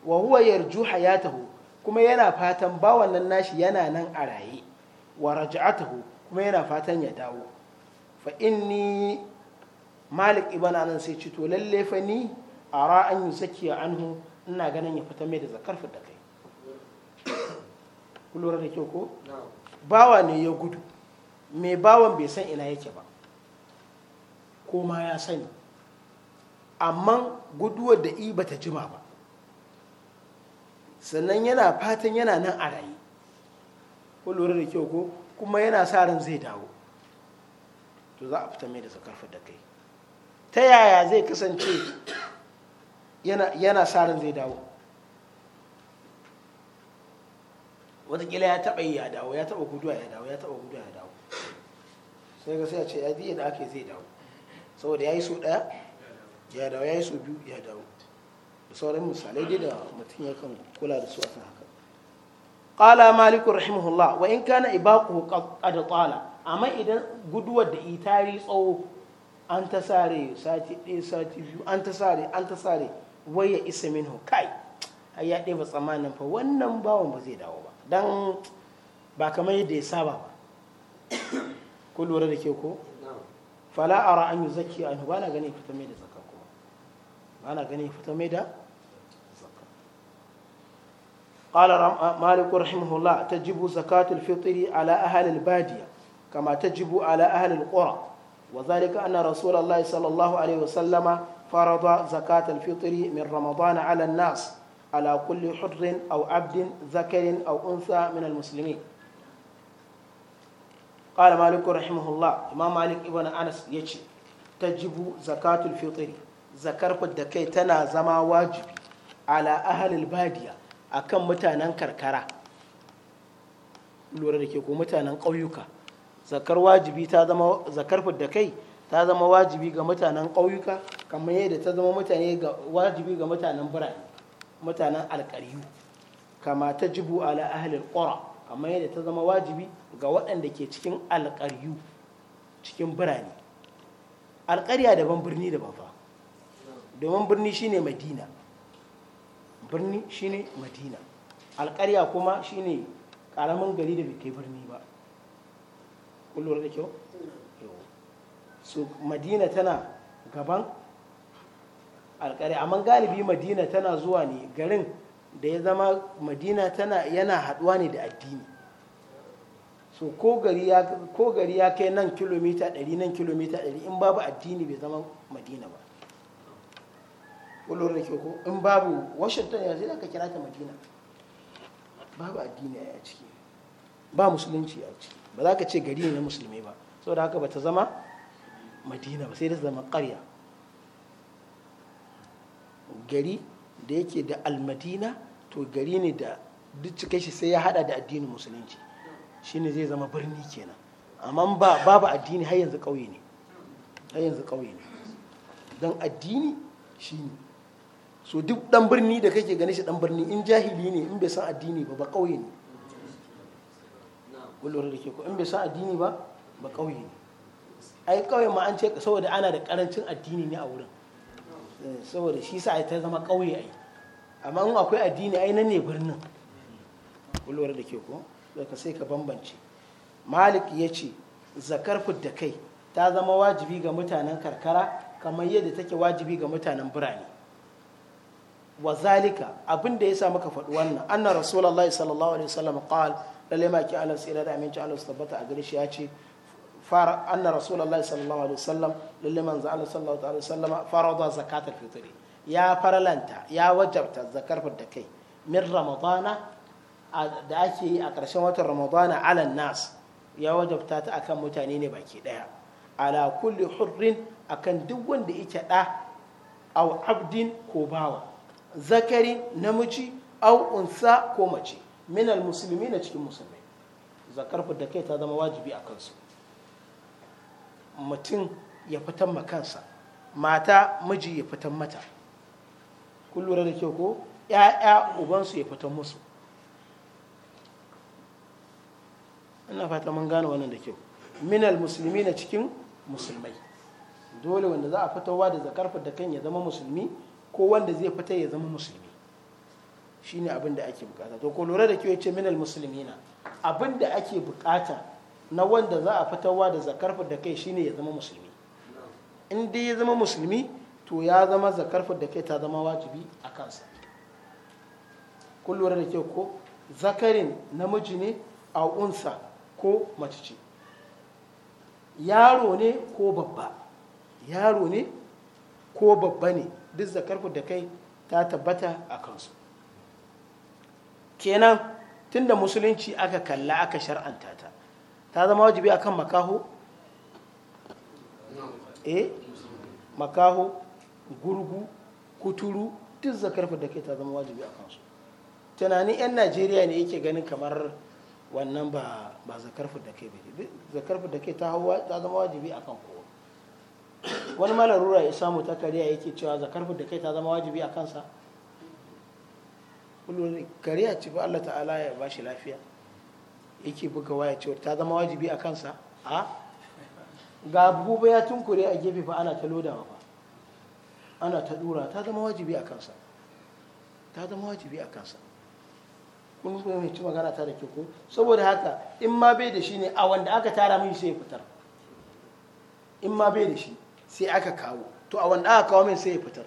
wa huwa yarju hayatahu kuma yana fatan ba wannan nashi yana nan a raye wa raj'atuhu kuma yana fatan ya dawo fa inni malik ibn anan sai ci to lalle fa ni ara an yi zakiya anhu ina ganin ya fita mai da zakar da kai kulura da kyau ko bawa ne ya gudu mai bawan bai san ina yake ba ko ma ya sani amma guduwar da i bata jima ba sannan yana fatan yana nan a raye kulura da kyau ko kuma yana sa ran zai dawo to za a fita mai da zakar da kai ta yaya zai kasance yana sa ran zai dawo watakila ya taba yi ya dawo ya taba guduwa ya dawo ya taba guduwa ya dawo sai ga sai a ce ya diya da ake zai dawo saboda ya yi so daya ya dawo ya yi so biyu ya dawo da sauran misalai dai da mutum ya kan kula da su a kan haka qala maliku rahimahullah wa in kana ibaquhu qad tala amma idan guduwar da itari tsawo an ta sare sati ɗaya sati biyu an ta sare an ta sare wai ya isa min kai ai ya ɗeba tsammanin fa wannan bawan ba zai dawo ba dan ba kamar yadda ya saba ba ku lura da ke ko fala ara an yi zaki an ba na gani fita mai da zaka kuma ba na gani fita mai da zaka qala malik rahimahullah jibu zakatul fitri ala ahli albadiya kama jibu ala ahli alqura wa dhalika anna rasulullah sallallahu alaihi wasallama فرض زكاة الفطر من رمضان على الناس على كل حر أو عبد ذكر أو أنثى من المسلمين قال مالك رحمه الله إمام مالك ابن أنس يجي تجب زكاة الفطر زكاة الدكي تنا زما واجب على أهل البادية أكم متانا كركرة lura da ke ko mutanen ƙauyuka zakar wajibi ta zama zakar fidda kai ta zama wajibi ga mutanen ƙauyuka kamar yadda ta zama mutane ga wajibi ga mutanen birane mutanen alkariyu kama ta jibu ala ahlil ƙora kamar yadda ta zama wajibi ga waɗanda ke cikin alkariyu cikin birane alkariya daban birni daban fa domin birni shine madina birni shine madina alkariya kuma shine ƙaramin gari da bai birni ba kullum da kyau su madina tana gaban alƙari amma galibi madina tana zuwa ne garin da ya zama madina tana yana haɗuwa ne da addini so ko gari ya kai nan kilomita 100 nan kilomita 100 in babu addini bai zama madina ba kullum da ke ko in babu washington yanzu zai aka kira ta madina babu addini a ciki ba musulunci a ciki ba za ka ce gari ne na musulmi ba saboda haka ba ta zama madina ba sai ta zama ƙarya gari da yake da almadina to gari ne da duk cikai shi sai ya hada da addinin musulunci shine zai zama birni kenan amma ba babu addini har yanzu ƙauye ne har yanzu ƙauye ne don addini shine so duk dan birni da kake gani shi dan birni in jahili ne in bai san addini ba ba ƙauye ne kullum da ke ko in bai san addini ba ba ƙauye ne ai ƙauye ma an ce saboda ana da ƙarancin addini ne a wurin saboda shi sa ta zama ƙauye ai amma in akwai addini ai nan ne birnin kullum da ke ko daga sai ka bambance malik ya ce zakar da kai ta zama wajibi ga mutanen karkara kamar yadda take wajibi ga mutanen birane wa zalika abin da ya sa maka faɗi wannan anna rasulallah sallallahu alaihi wasallam qal lalle ma ki Allah tsira da aminci alas tabbata a gari shi ya ce fara anna rasulullahi sallallahu alaihi wasallam lalle manzo Allah sallallahu alaihi wasallam farada zakata fitri ya faralanta ya wajabta zakar da kai min ramadana da ake yi a ƙarshen watan ramadana alan nas ya wajabta ta akan mutane ne baki daya ala kulli hurrin akan duk wanda yake da aw abdin ko bawa zakari namiji aw unsa ko mace min musulmi na cikin musulmai zakar da kai ta zama wajibi a kansu mutum ya fitan makansa kansa mata miji ya fitan mata kun lura da kyau ko ya'ya ubansu ya fitan musu ina fata mun gane wannan da kyau minal musulmi na cikin musulmai dole wanda za a fitowa da zakarfa da kan ya zama musulmi ko wanda zai fita ya zama musulmi shine abin da ake bukata to ko lura da kyau ya ce minal na abin da ake bukata na wanda za a fitowa da zakarfi da kai shine ya zama musulmi in dai ya zama musulmi to ya zama zakarfi da kai ta zama wajibi a kansa kun da kyau ko zakarin namiji ne a unsa ko mace yaro ne ko babba yaro ne ko babba ne duk zakarfi da kai ta tabbata a kansu kenan tunda musulunci aka kalla aka shar'anta ta ta zama wajibi akan makaho eh makaho gurgu kuturu duk zakarfa da ke ta zama wajibi a kansu tunanin 'yan najeriya ne yake ganin kamar wannan ba zakarfa da ke bai zakarfa da ke ta zama wajibi a kan kowa wani malar rura ya samu ta kariya yake cewa zakarfa da kai ta zama wajibi a kansa kariya ce ba allah ta'ala ya ba shi lafiya yake buga waya cewar ta zama wajibi a kansa a ga gobe ya tunkure a gefe fa ana ta lodawa ba ana ta dura ta zama wajibi a kansa ta zama wajibi a kansa kun kuma mai ci magana ta da ke ko saboda haka in ma bai da shi ne a wanda aka tara mai sai ya fitar in ma bai da shi sai aka kawo to a wanda aka kawo min sai ya fitar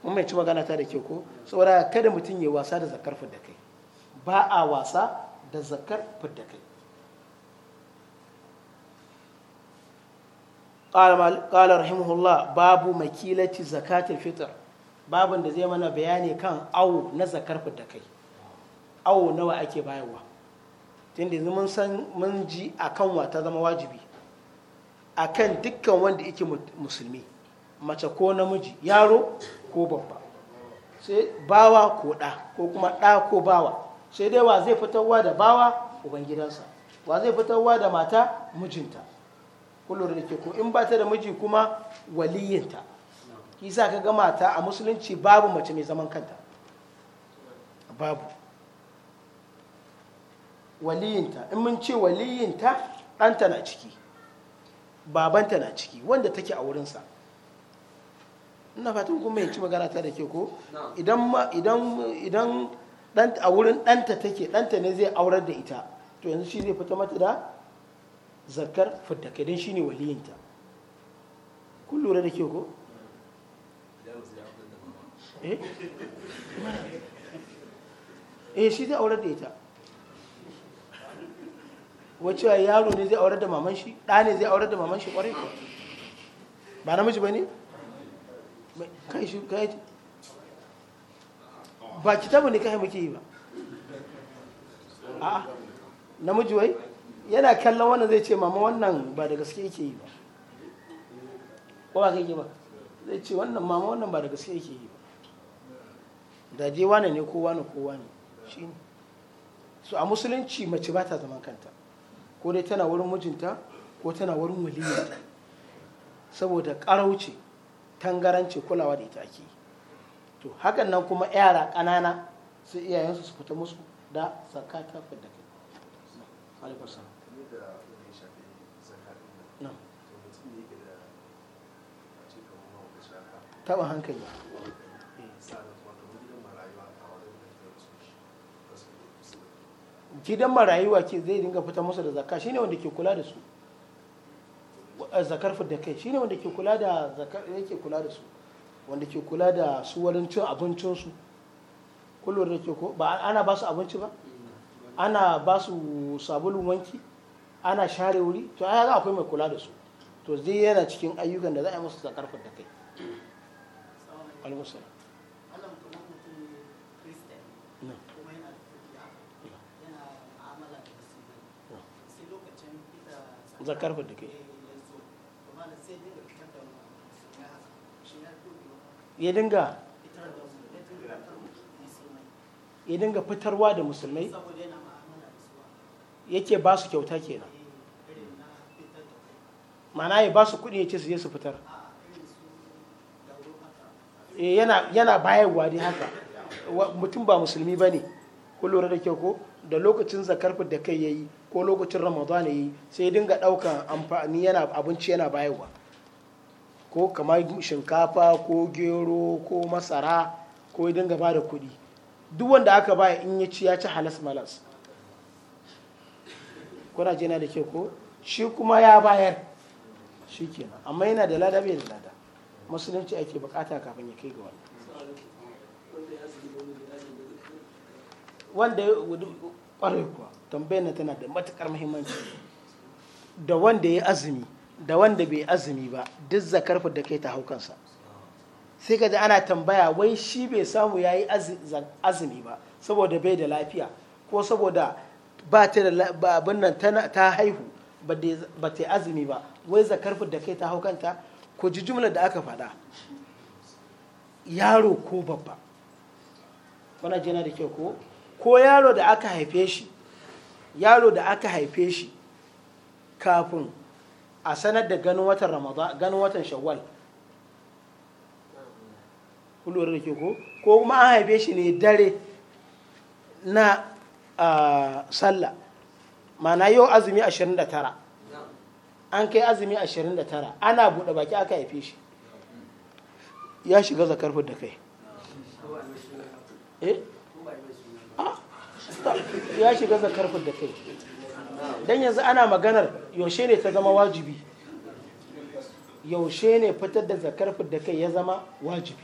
kuma mai ci magana ta da ke ko saboda kada mutum ya wasa da zakar da kai ba a wasa da zakar fidda kai ƙalar rahimahullah babu makilaci zakatar fitar. babin da zai mana bayani kan awo na zakar fidda kai awo nawa ake bayarwa tun da mun san mun ji a kan wata zama wajibi a kan dukkan wanda yake musulmi mace ko namiji yaro ko babba sai bawa ko ɗa ko kuma ɗa ko bawa sai dai wa zai fitarwa da bawa ubangidansa wa zai fitarwa da mata mijinta kullum da ke ko in ba ta da miji kuma waliyinta kisa ka ga mata a musulunci babu mace mai zaman kanta babu waliyinta in mun ce waliyinta ɗanta na ciki babanta na ciki wanda take a wurinsa ina fatan kuma yanci magana ta da ke ko idan a wurin ɗanta take ɗanta ne zai aurar da ita to yanzu shi zai fita mata da zakar don shi ne waliyinta kun lura da ke ko? Eh? eh shi zai aurar da ita wacce yaro ne zai aurar da maman shi ɗa ne zai aurar da maman shi ƙwarai ba namiji ba ne? kai shi kai ba kitabu ne kai muke yi ba a'a namiji wai yana kallon wannan zai ce mama wannan ba da gaske yake yi ba ko ba kai ba zai ce wannan mama wannan ba da gaske yake yi ba da je wane ne kowa ne kowa ne shine so a musulunci mace ba ta zaman kanta ko dai tana wurin mijinta ko tana wurin waliyarta saboda karauce tangaranci kulawa da ita ake yi to hakan nan kuma yara ƙanana su iyayensu su fita musu da zakka ta fidda kai alaikum salam taɓa hankali eh, gidan marayuwa ce zai dinga fita musu da zaka shine wanda ke kula da su zakar fidda kai shine wanda ke kula da zakar yake kula da su wanda ke kula da su wurin cin abincinsu kullum da ke ko ba ana ba su abinci ba ana ba su sabulun wanki ana share wuri to ai a akwai mai kula da su to zai yana cikin ayyukan da za a yi musu da karfin da kai almusalam da kai ya dinga fitarwa da musulmai yake ba su kyauta kenan mana ya ba su kuɗi ya ce su je fitar eh, yana bayarwa dai haka mutum ba musulmi ba ne ko lura da kyau ko da lokacin zakar da kai ya yi ko lokacin ramadana ya yi sai dinga ɗaukan amfani yana abinci yana bayarwa ko kamar shinkafa ko gero ko masara ko idan gaba da kuɗi duk wanda aka baya in ya ci ya ci halas malas kuna jina da ke ko shi kuma ya bayar shi kenan amma yana da lada bai da lada musulunci ake bukata kafin ya kai ga wani wanda ya kwarai kuwa tambayar na tana da matukar muhimmanci da wanda ya azumi da wanda bai azumi ba duk zakar da kai ta haukansa sai ka ji ana tambaya wai shi bai samu ya yi azumi ba saboda bai da lafiya ko saboda ba ta da abin nan ta haihu ba ta azumi ba wai zakar da kai ta haukanta ko ji jumla da aka faɗa yaro ko babba wannan jina da kyau ko ko yaro da aka haife shi yaro da aka haife shi kafin a sanar da ganin watan ramadan ganin watan shawwal kullum da ke ko ko kuma an haife shi ne dare na sallah mana yau azumi 29 an kai azumi 29 ana buɗe baki aka haife shi ya shiga zakar da kai eh? ah, ya shiga zakar da kai don yanzu ana maganar yaushe ne ta zama wajibi yaushe ne fitar da zakar da kai ya zama wajibi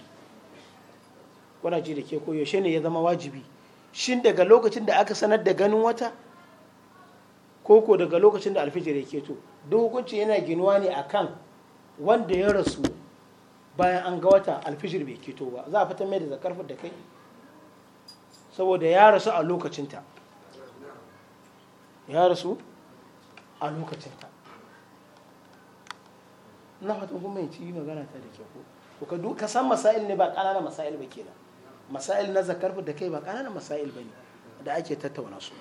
kuna ji da ke ko yaushe ne ya zama wajibi shin daga lokacin da aka sanar da ganin wata ko ko daga lokacin da alfijir ya keto duk hukunci yana ginuwa ne a kan wanda ya rasu bayan an ga wata alfijir bai keto ba za a fitar mai da zakar da kai saboda ya rasu a lokacinta ya rasu a lokacinta na fatan kuma yi ci magana ta da ke ko ka duk san masail ne ba ƙananan masail ba kenan masail na zakar da kai ba ƙananan masail ba ne da ake tattauna su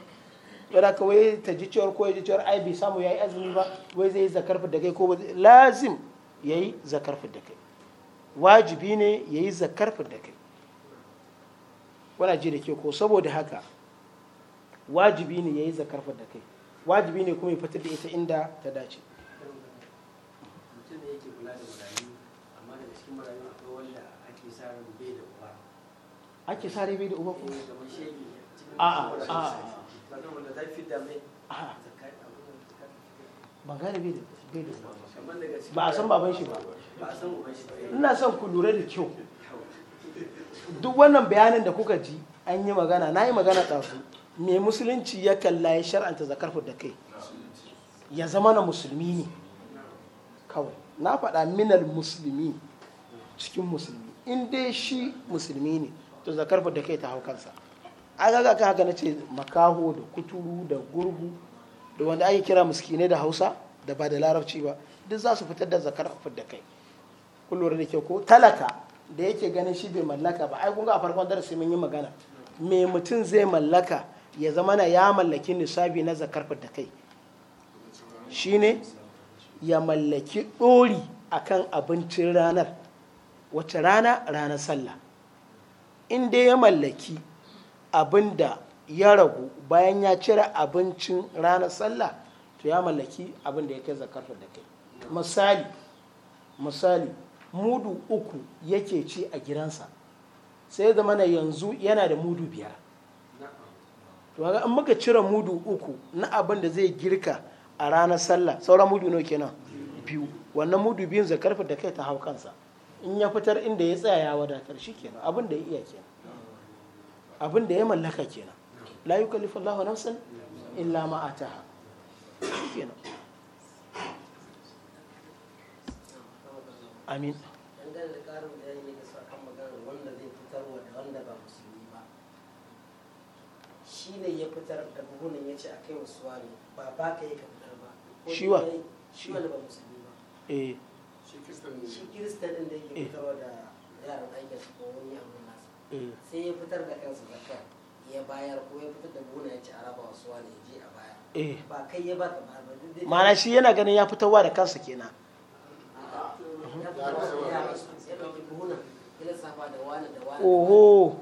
yana ka wai ta ji cewar ko ya ji cewar ai bai samu ya yi azumi ba wai zai yi zakar da kai ko ba lazim ya yi zakar da kai wajibi ne ya yi zakar da kai wana ji da ke ko saboda haka wajibi ne ya yi zakar da kai wajibi ne kuma ya fitar da ita inda ta dace ake sare bai da uba ko a a a gane bai da bai da ba a san baban shi ba ina son ku lura da kyau duk wannan bayanin da kuka ji an yi magana na yi magana ɗansu me musulunci ya kalla ya shar'anta zakar da kai ya zama na musulmi ne kawai na faɗa minal musulmi cikin musulmi in dai shi musulmi ne to zakar da kai ta hau kansa an ga haka na ce makaho da kuturu da gurgu da wanda ake kira muskine da hausa da ba da larabci ba duk za su fitar da zakar da kai kullum da ke ko talaka da yake ganin shi bai mallaka ba ai kun ga a farkon darasi mun yi magana me mutum zai mallaka ya zamana ya mallaki nisabi na zakar fita kai shi ne ya mallaki ɗori kan abincin ranar wace rana ranar sallah in dai ya mallaki abin da ya ragu bayan ya cire abincin ranar sallah to ya mallaki abin da ya kai zakar da kai misali misali mudu uku yake ci a gidansa sai zama na yanzu yana da mudu biyar to ga an muka cire mudu uku na abin da zai girka a ranar sallah sauran mudu nawa kenan biyu wannan mudu biyun karfe da kai ta hau kansa in ya fitar inda ya tsaya ya wadatar shi kenan abin da ya iya kenan abin da ya mallaka kenan la yukallifu Allahu nafsan illa ma ataha kenan amin shi ne ya fitar da buhunan ya ce a kai wasu wani ba ba ka yi ka fitar ba shi wa shi ba musulmi ba eh. shi din da yake eh. fitarwa da yaran aikin su ko wani abu nasa eh. sai ya fitar da kansa zakar ya bayar ko ya fitar da buhunan ya ce a raba wasu wani ya je a bayar ba kai ya ba ka ba Mana shi yana ganin ya fitarwa da kansa kenan oho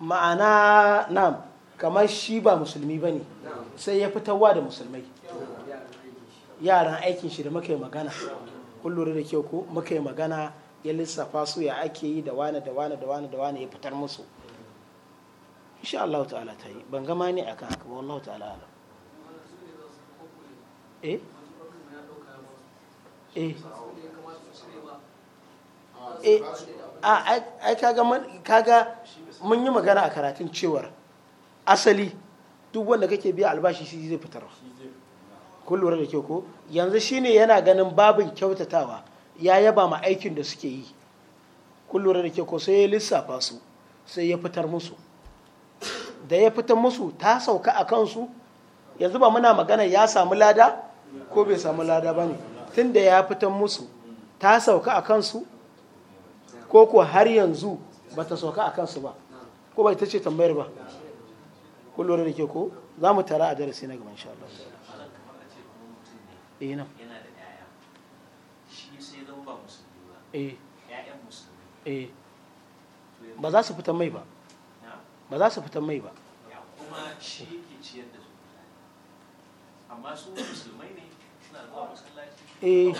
ma'ana na kamar shi ba musulmi ba ne sai ya fitarwa da musulmai yaran aikin shi da muka yi magana kullum da kyau ko muka yi magana ya lissafa su ya ake yi da wane da wane da wane da wane ya fitar musu insha Allah ta'ala ta yi ban gama ne akan haka ba Allah ta'ala ala eh eh eh a kaga kaga mun yi magana a karatun cewar asali duk wanda kake biya albashi shi zai fitar kun lura da ke ko yanzu shine yana ganin babin kyautatawa ya yaba ma aikin da suke yi kun lura da ke ko sai ya lissafa su sai ya fitar musu da ya fitar musu ta sauka a kansu yanzu ba muna magana ya samu lada ko bai samu lada ba ne tun da ya fitar musu ta sauka a kansu ko ku har yanzu ba ta sauka a kansu ba ko ba ita ce tambayar ba kullum da ke ko za mu tara a darasi na gaba insha Allah eh na ba musulmi ba eh eh ba za su fita mai ba ba za su fita mai ba kuma shi yake ciyar da su amma su musulmai ne suna zuwa masallaci eh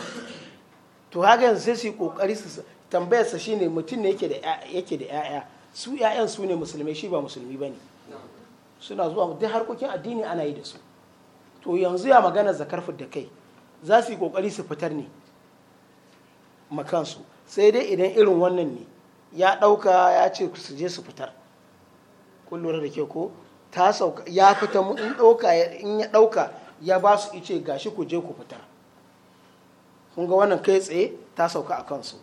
to haka yanzu sai su yi kokari su tambayarsa shine mutum ne yake da yake da yaya su 'ya'yan su ne musulmi shi ba musulmi ba ne suna zuwa duk harkokin addini ana yi da su to yanzu ya magana zakar da kai za su yi kokari su fitar ne makansu sai dai idan irin wannan ne ya ɗauka ya ce su je su fitar kun da ke ko ta sauka ya fita in ɗauka in ya ɗauka ya ba su ice gashi ku je ku fitar kun ga wannan kai tsaye ta sauka a kansu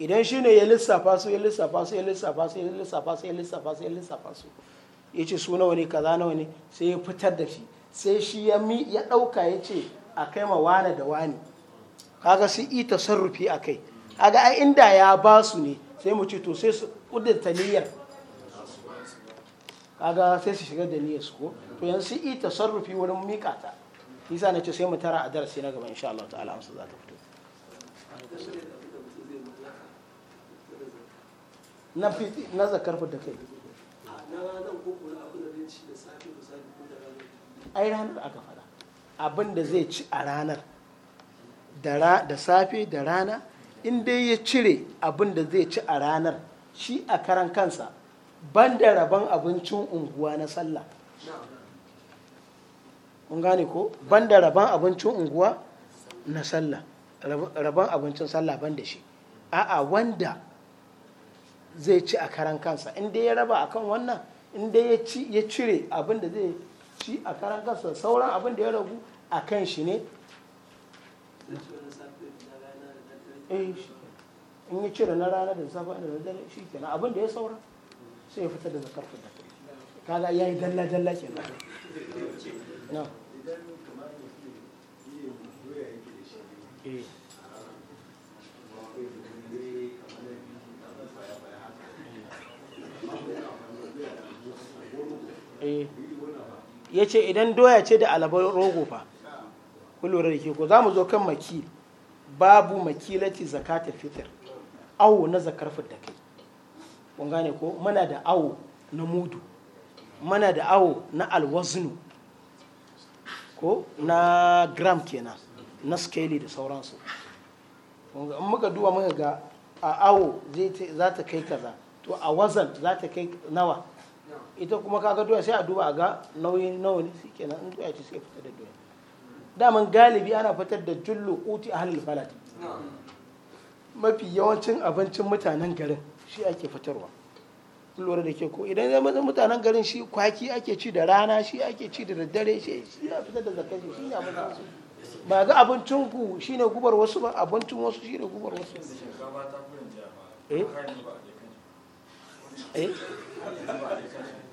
idan shi ne ya lissafa su ya lissafa su ya lissafa su ya lissafa su ya lissafa su ya lissafa su ya ce su nawa ne kaza nawa ne sai ya fitar da shi sai shi ya mi ya ɗauka ya ce a kai ma wane da wani kaga sai i tasarrufi a kai kaga ai inda ya ba su ne sai mu ce to sai su kudin niyyar kaga sai su shigar da niyyar su ko to yanzu sai i tasarrufi wurin mika ta nisa na ce sai mu tara a darasi na gaba insha Allah ta'ala amsa za ta fito na fiti na zakar fita kai ai ranar aka fada abin da zai ci a ranar da safe da rana in dai ya cire abin da zai ci a ranar shi a karan kansa ban da rabon abincin unguwa na sallah kun gane ko ban da rabon abincin unguwa na sallah rabon abincin sallah ban da shi a'a wanda zai ci a karan kansa in dai ya raba akan wannan in dai ya cire abin da zai ci a karan kansa sauran abin da ya ragu a kan shi ne eh, in ya cire na rana da safa da dare shi kenan abin da ya saura sai ya fita da zakar da kaga ya yi dalla dalla ke na idan Eh. ya ce idan doya ce da alabar rogo fa kulura da ke ko za mu zo kan maki babu makilati zakatar fitar awo na zakar da kai kun gane ko mana da awo na mudu mana da awo na alwazinu ko na gram kenan na scale da sauransu in muka duba muka ga a awo za ta kai kaza to a wazan za ta kai nawa ita kuma kaga doya sai a duba a ga nauyin nawa ne kenan in doya ce sai fitar da doya daman galibi ana fitar da jullu uti ahlul balad mafi yawancin abincin mutanen garin shi ake fitarwa lura da ke ko idan ya mutanen garin shi kwaki ake ci da rana shi ake ci da daddare shi ya fitar da zakai shi ne abin ba ga abincin ku shine gubar wasu ba abincin wasu shine gubar wasu eh eh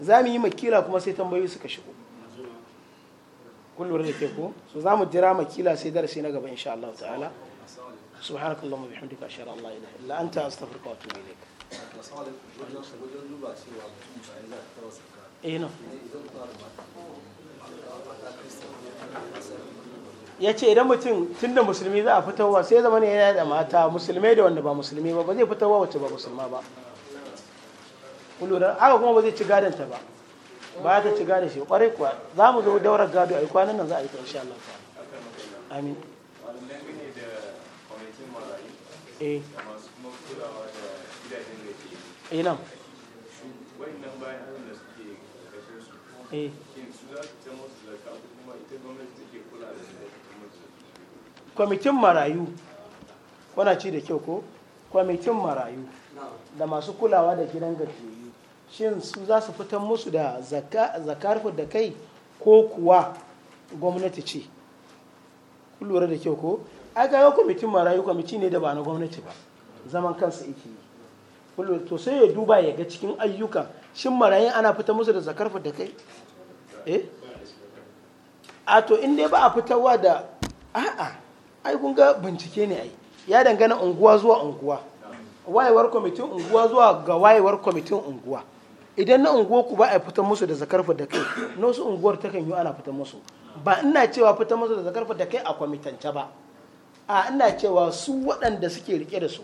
za mu yi makila kuma sai tambayoyi suka shigo kullum da ke ko so za mu jira makila sai darasi na gaba insha Allah ta'ala سبحانك اللهم وبحمدك اشهد ان لا اله الا انت استغفرك واتوب اليك. اي نعم. ya ce idan mutum tun da musulmi za a fitowa sai zama ne yana da mata musulmai da wanda ba musulmi ba ba zai fitowa wacce ba musulma ba kullura aka kuma ba zai ci gadon ta ba ba ta ci gadon shi kwarai kuwa za mu zo daurar gado a yi kwanan nan za a yi ta insha Allah ta amin eh eh nan eh. kwamitin marayu wana ci da kyau ko kwamitin marayu da masu kulawa da gidan gajiyayyu shin su za su fitar musu da zakarfa da kai ko kuwa gwamnati ce lura da kyau ko ai ga kwamitin marayu kwamiti ne da ba na gwamnati ba zaman kansa yake yi to sai ya duba ya ga cikin ayyukan shin marayun ana fita musu da zakarfa da kai eh a to inda ba a fitarwa da a'a ai kun ga bincike ne ai ya dangana unguwa zuwa unguwa wayewar kwamitin unguwa zuwa ga wayewar kwamitin unguwa idan na unguwar ku ba a fita musu da zakar da kai na wasu unguwar ta yi ana fita musu ba ina cewa fita musu da zakar da kai a kwamitance ba a ina cewa su waɗanda suke rike da su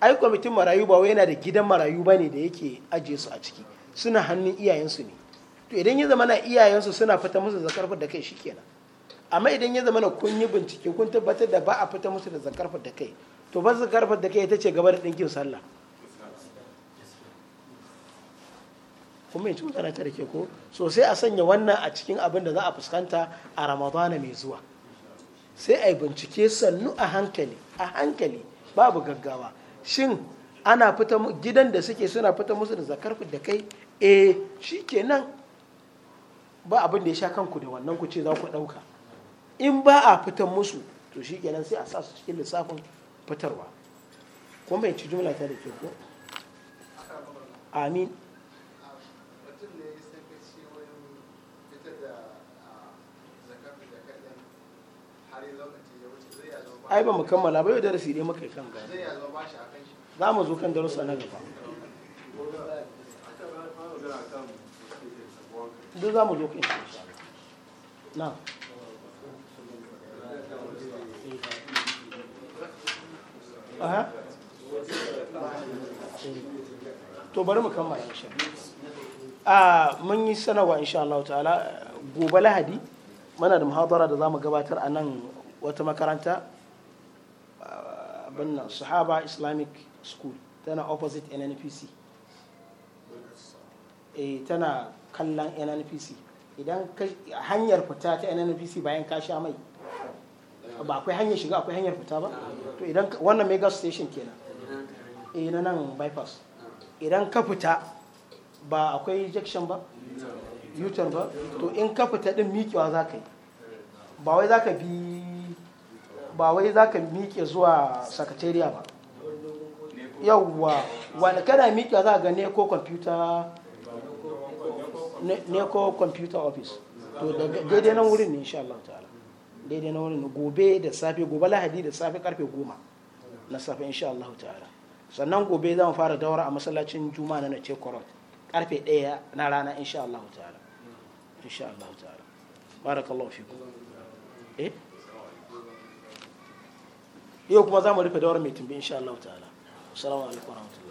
ai kwamitin marayu ba wai yana da gidan marayu ba ne da yake ajiye su a ciki suna hannun iyayensu ne to idan ya zama na iyayensu suna fita musu da zakar da kai shikenan amma idan ya zama na kun yi bincike kun tabbatar da ba a fita musu da zakar da kai to ba zakar da kai ita ce gaba da ɗinkin sallah kuma yanci magana ta da ke ko so sai a sanya wannan a cikin abin da za a fuskanta a ramadana mai zuwa sai a yi bincike sannu a hankali a hankali babu gaggawa shin ana fita gidan da suke suna fita musu da zakar da kai eh shikenan ba abin da ya sha kanku da wannan ku ce za ku ɗauka in ba a fitan musu to shikenan sai a sa su cikin lissafin fitarwa kuma bai ci jumla ta da ke ko amin ai ba mu kammala ba yau darasi ne maka yi kan gani za mu zo kan darussa na gaba duk za mu zo kan shi na aha to bari mu kammala insha a ah, mun yi sanarwa insha Allah ta'ala gobe lahadi muna da muhadara da za mu gabatar a nan wata makaranta abin sahaba islamic school tana opposite nnpc eh tana kallon nnpc idan hanyar fita ta nnpc bayan ka sha mai ba akwai hanyar shiga akwai hanyar fita ba to idan wannan mega station kenan eh, na nan bypass idan ka fita ba akwai injection ba yutar ba to in ka fita din miƙewa za ka yi ba wai za ka bi ba wai za ka miƙe zuwa sakatariya ba yauwa wani kana miƙewa za ga ne ko kwamfuta ne ko kwamfuta office to daidai nan wurin ne insha Allah ta'ala daidai nan wurin gobe da safe gobe lahadi da safe karfe goma na safe insha Allah ta'ala sannan gobe za mu fara daura a masallacin juma'a na ce korot karfe ɗaya na rana insha Allah ta'ala insha Allah ta'ala barakallahu fikum eh yau kuma za mu rufe dawar mai tumbi insha Allah ta'ala